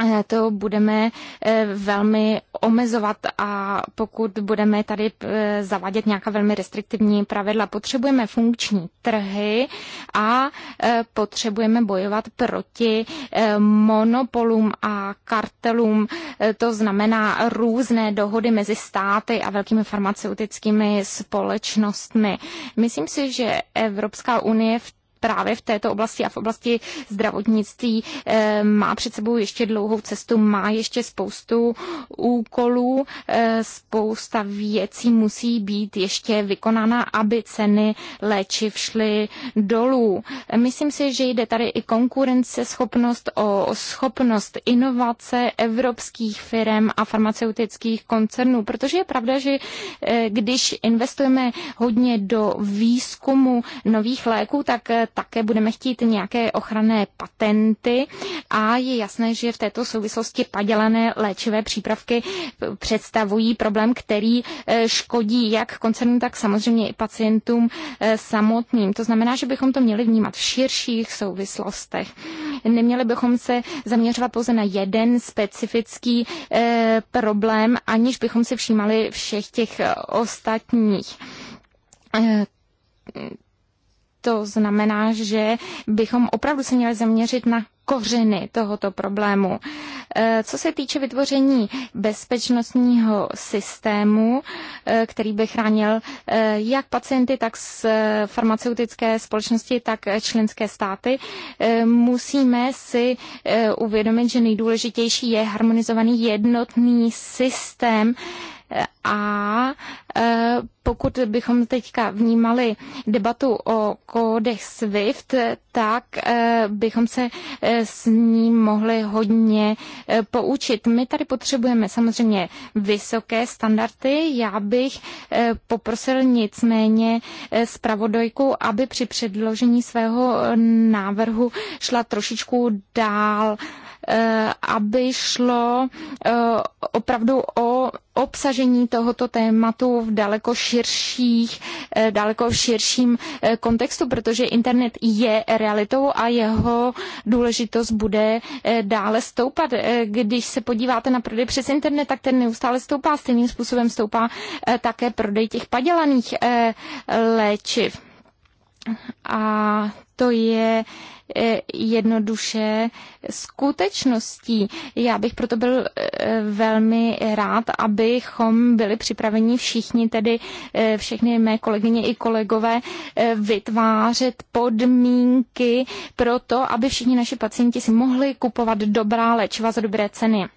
Eh, to budeme eh, velmi omezovat a pokud budeme tady eh, zavádět nějaká velmi restriktivní pravidla, potřebujeme funkční trhy a potřebujeme bojovat proti monopolům a kartelům, to znamená různé dohody mezi státy a velkými farmaceutickými společnostmi. Myslím si, že Evropská unie v právě v této oblasti a v oblasti zdravotnictví eh, má před sebou ještě dlouhou cestu, má ještě spoustu úkolů, eh, spousta věcí musí být ještě vykonána, aby ceny léčiv šly dolů. Myslím si, že jde tady i schopnost o schopnost inovace evropských firm a farmaceutických koncernů, protože je pravda, že eh, když investujeme hodně do výzkumu nových léků, tak také budeme chtít nějaké ochranné patenty a je jasné, že v této souvislosti padělané léčivé přípravky představují problém, který e, škodí jak koncernům, tak samozřejmě i pacientům e, samotným. To znamená, že bychom to měli vnímat v širších souvislostech. Neměli bychom se zaměřovat pouze na jeden specifický e, problém, aniž bychom si všímali všech těch ostatních to znamená, že bychom opravdu se měli zaměřit na kořeny tohoto problému. Eh, co se týče vytvoření bezpečnostního systému, eh, který by chránil eh, jak pacienty, tak z farmaceutické společnosti, tak členské státy, musíme si uvědomit, že nejdůležitější je harmonizovaný jednotný systém a e, pokud bychom teďka vnímali debatu o kódech SWIFT, tak e, bychom se e, s ním mohli hodně poučit. My tady potřebujeme samozřejmě vysoké standardy. Já bych poprosil nicméně zpravodajku, aby při předložení svého návrhu šla trošičku dál Eh, aby šlo eh, opravdu o obsažení tohoto tématu v daleko širších, eh, daleko širším kontextu, protože internet je realitou a jeho důležitost bude dále stoupat. Když se podíváte na prodej přes internet, tak ten neustále stoupá, stejným způsobem stoupá také prodej těch padělaných léčiv a to je e, jednoduše skutečností. Já bych proto byl e, velmi rád, abychom byli připraveni všichni, tedy e, všechny mé kolegyně i kolegové, vytvářet podmínky pro to, aby všichni naši pacienti si mohli kupovat dobrá léčiva za dobré ceny.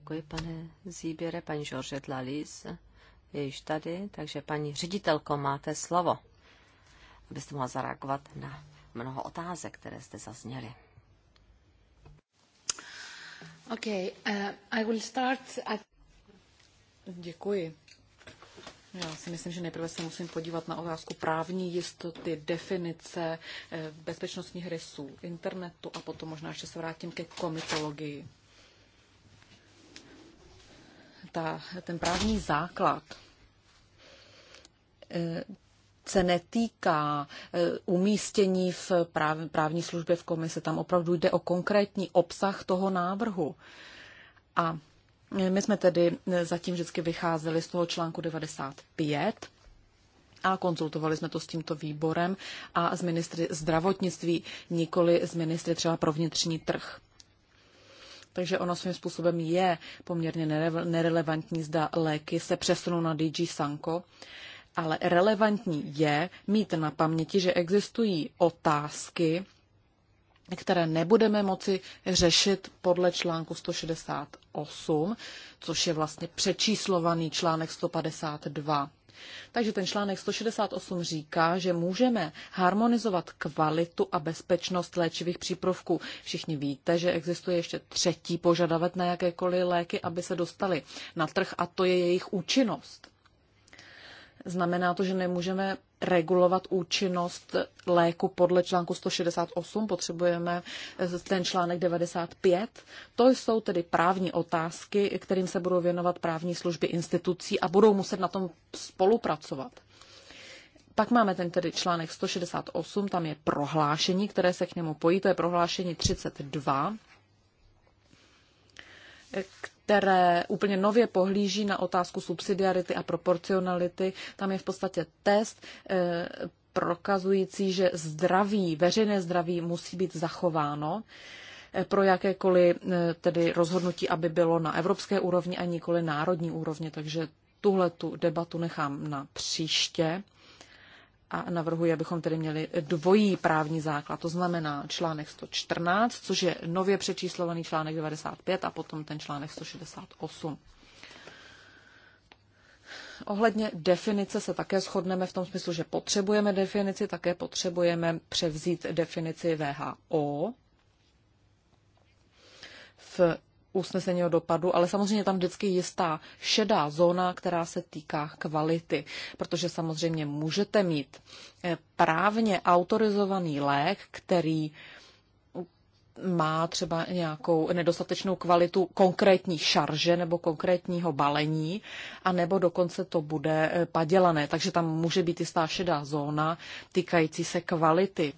Děkuji, pane Zíběre, paní Georgette Lalis je již tady, takže paní ředitelko, máte slovo. Byste mohla zareagovat na mnoho otázek, které jste zazněly. Okay, uh, I will start at... Děkuji. Já si myslím, že nejprve se musím podívat na otázku právní jistoty, definice eh, bezpečnostních rysů internetu a potom možná ještě se vrátím ke komitologii. Ta, ten právní základ eh, se netýká eh, umístění v práv, právní službě v komise. Tam opravdu jde o konkrétní obsah toho návrhu. A my jsme tedy eh, zatím vždycky vycházeli z toho článku 95 a konzultovali jsme to s tímto výborem a s ministry zdravotnictví, nikoli s ministry třeba pro vnitřní trh. Takže ono svým způsobem je poměrně nerelevantní, zda léky se přesunou na DG Sanko, ale relevantní je mít na paměti, že existují otázky, které nebudeme moci řešit podle článku 168, což je vlastně přečíslovaný článek 152. Takže ten článek 168 říká, že můžeme harmonizovat kvalitu a bezpečnost léčivých přípravků. Všichni víte, že existuje ještě třetí požadavek na jakékoliv léky, aby se dostali na trh a to je jejich účinnost. Znamená to, že nemůžeme regulovat účinnost léku podle článku 168, potřebujeme eh, ten článek 95. To jsou tedy právní otázky, kterým se budou věnovat právní služby institucí a budou muset na tom spolupracovat. Pak máme ten tedy článek 168, tam je prohlášení, které se k němu pojí, to je prohlášení 32, které úplně nově pohlíží na otázku subsidiarity a proporcionality. Tam je v podstatě test eh, prokazující, že zdraví, veřejné zdraví musí být zachováno eh, pro jakékoliv eh, tedy rozhodnutí, aby bylo na evropské úrovni a nikoli národní úrovni. Takže tuhle tu debatu nechám na příště a navrhuji, abychom tedy měli dvojí právní základ, to znamená článek 114, což je nově přečíslovaný článek 95 a potom ten článek 168. Ohledně definice se také shodneme v tom smyslu, že potřebujeme definici, také potřebujeme převzít definici VHO v usnesení o dopadu, ale samozřejmě tam vždycky jistá šedá zóna, která se týká kvality, protože samozřejmě můžete mít eh, právně autorizovaný lék, který má třeba nějakou nedostatečnou kvalitu konkrétní šarže nebo konkrétního balení, a nebo dokonce to bude eh, padělané. Takže tam může být jistá šedá zóna týkající se kvality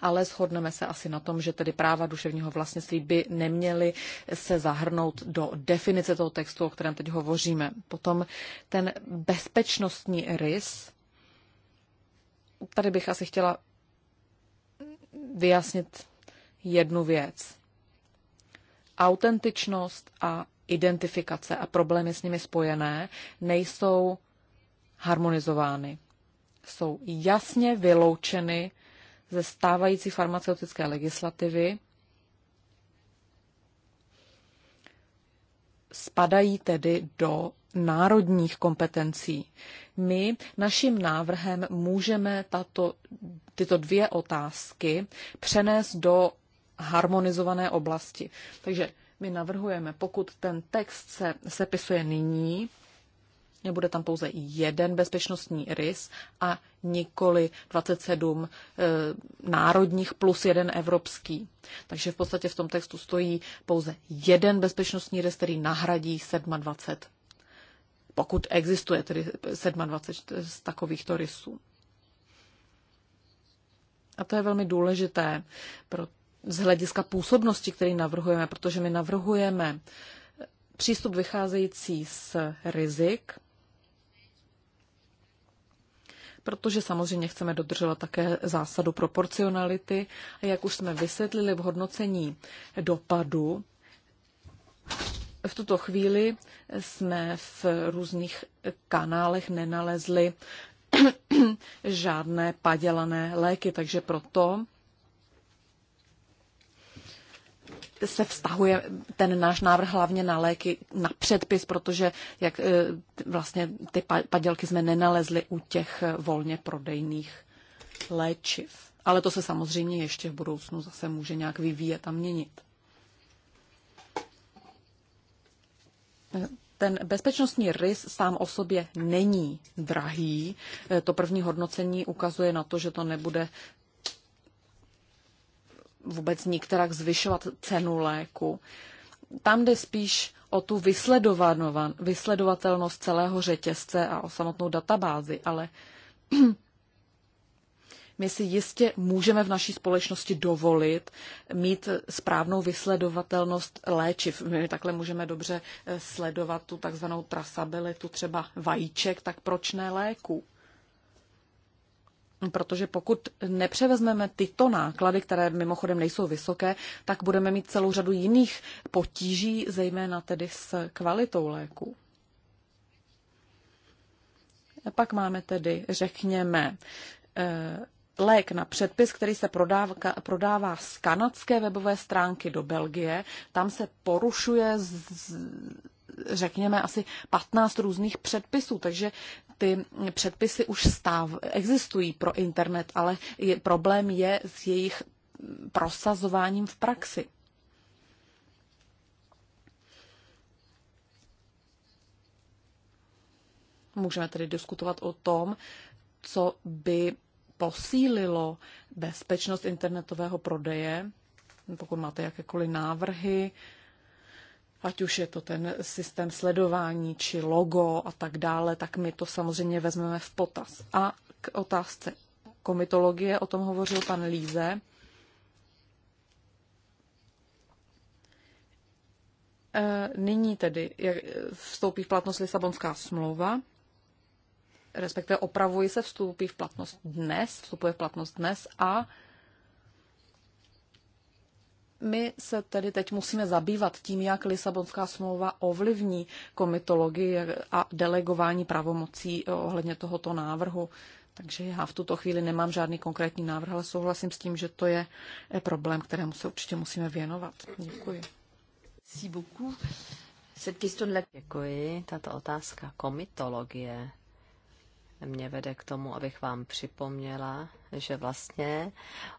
ale shodneme se asi na tom, že tedy práva duševního vlastnictví by neměly se zahrnout do definice toho textu, o kterém teď hovoříme. Potom ten bezpečnostní rys, tady bych asi chtěla vyjasnit jednu věc. Autentičnost a identifikace a problémy s nimi spojené nejsou harmonizovány. Jsou jasně vyloučeny ze stávající farmaceutické legislativy spadají tedy do národních kompetencí. My naším návrhem můžeme tato, tyto dvě otázky přenést do harmonizované oblasti. Takže my navrhujeme, pokud ten text se sepisuje nyní, Nebude tam pouze jeden bezpečnostní rys a nikoli 27 e, eh, národních plus jeden evropský. Takže v podstatě v tom textu stojí pouze jeden bezpečnostní rys, který nahradí 27 pokud existuje tedy 27 z takovýchto rysů. A to je velmi důležité pro, z hlediska působnosti, který navrhujeme, protože my navrhujeme přístup vycházející z rizik, protože samozřejmě chceme dodržovat také zásadu proporcionality. A jak už jsme vysvětlili v hodnocení dopadu, v tuto chvíli jsme v různých kanálech nenalezli (clears throat) žádné padělané léky, takže proto se vztahuje ten náš návrh hlavně na léky, na předpis, protože jak e, vlastně ty padělky jsme nenalezli u těch e, volně prodejných léčiv. Ale to se samozřejmě ještě v budoucnu zase může nějak vyvíjet a měnit. E, ten bezpečnostní rys sám o sobě není drahý. To první hodnocení ukazuje na to, že to nebude vůbec nikterak zvyšovat cenu léku. Tam jde spíš o tu vysledovatelnost celého řetězce a o samotnou databázi, ale (clears throat) my si jistě můžeme v naší společnosti dovolit mít správnou vysledovatelnost léčiv. My takhle můžeme dobře sledovat tu takzvanou trasabilitu třeba vajíček, tak proč ne léku? Protože pokud nepřevezmeme tyto náklady, které mimochodem nejsou vysoké, tak budeme mít celou řadu jiných potíží, zejména tedy s kvalitou A Pak máme tedy, řekněme, eh, lék na předpis, který se prodává, prodává z kanadské webové stránky do Belgie. Tam se porušuje z, řekněme, asi 15 různých předpisů, takže ty předpisy už stáv, existují pro internet, ale je, problém je s jejich prosazováním v praxi. Můžeme tedy diskutovat o tom, co by posílilo bezpečnost internetového prodeje, pokud máte jakékoliv návrhy, ať už je to ten systém sledování či logo a tak dále, tak my to samozřejmě vezmeme v potaz. A k otázce komitologie, o tom hovořil pan Líze. E, nyní tedy vstoupí v platnost Lisabonská smlouva, respektive opravuji se, vstoupí v platnost dnes, vstupuje v platnost dnes a my se tedy teď musíme zabývat tím, jak Lisabonská smlouva ovlivní komitologii a delegování pravomocí eh, ohledně tohoto návrhu. Takže já v tuto chvíli nemám žádný konkrétní návrh, ale souhlasím s tím, že to je eh, problém, kterému se určitě musíme věnovat. Děkuji. Děkuji. Tato otázka komitologie mě vede k tomu, abych vám připomněla, že vlastně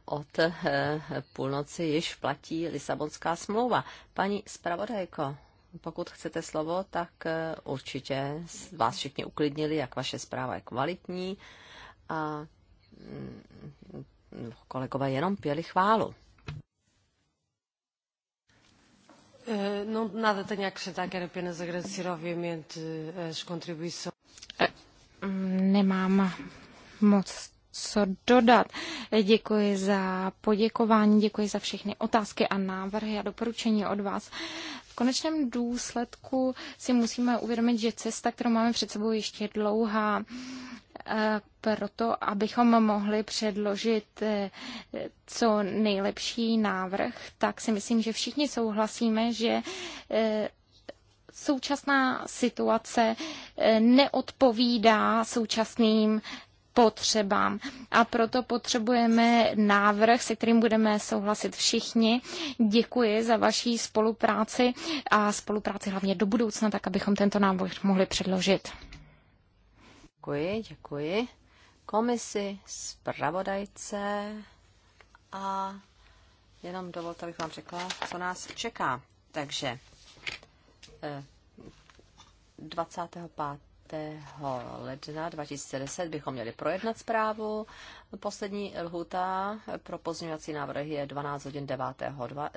od eh, půlnoci již platí Lisabonská smlouva. Paní zpravodajko, pokud chcete slovo, tak eh, určitě vás všichni uklidnili, jak vaše zpráva je kvalitní a mm, kolegové jenom pěli chválu. Eh, no, nada tenho a acrescentar, quero apenas agradecer, obviamente, as contribuições nemám moc co dodat. Děkuji za poděkování, děkuji za všechny otázky a návrhy a doporučení od vás. V konečném důsledku si musíme uvědomit, že cesta, kterou máme před sebou, ještě dlouhá e, proto, abychom mohli předložit e, co nejlepší návrh, tak si myslím, že všichni souhlasíme, že e, současná situace eh, neodpovídá současným potřebám. A proto potřebujeme návrh, se kterým budeme souhlasit všichni. Děkuji za vaší spolupráci a spolupráci hlavně do budoucna, tak abychom tento návrh mohli předložit. Děkuji, děkuji. Komisi, zpravodajce a jenom dovolte, abych vám řekla, co nás čeká. Takže 25. ledna 2010 bychom měli projednat zprávu. Poslední lhuta pro pozměňovací návrh je 12 hodin 9. 2,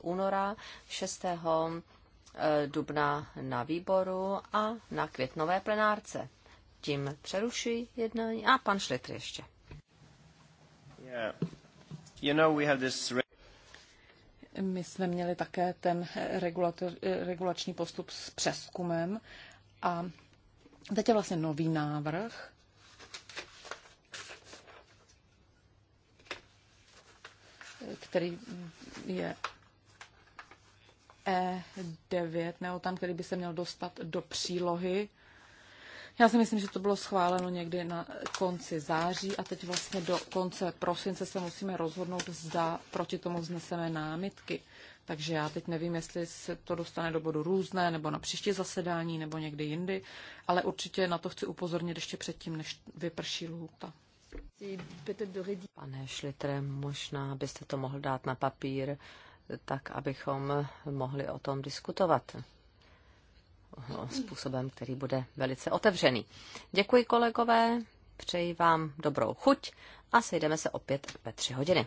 února 6. Eh, dubna na výboru a na květnové plenárce. Tím přeruší jednání. A pan Šlitr ještě. Yeah. You know, we have this... My jsme měli také ten eh, regulační postup s přeskumem a teď je vlastně nový návrh. který je E9, nebo tam, který by se měl dostat do přílohy já si myslím, že to bylo schváleno někdy na konci září a teď vlastně do konce prosince se musíme rozhodnout, zda proti tomu vzneseme námitky. Takže já teď nevím, jestli se to dostane do bodu různé, nebo na příští zasedání, nebo někdy jindy, ale určitě na to chci upozornit ještě předtím, než vyprší lhůta. Pane Šlitre, možná byste to mohl dát na papír, tak abychom mohli o tom diskutovat. No, způsobem, který bude velice otevřený. Děkuji kolegové, přeji vám dobrou chuť a sejdeme se opět ve tři hodiny.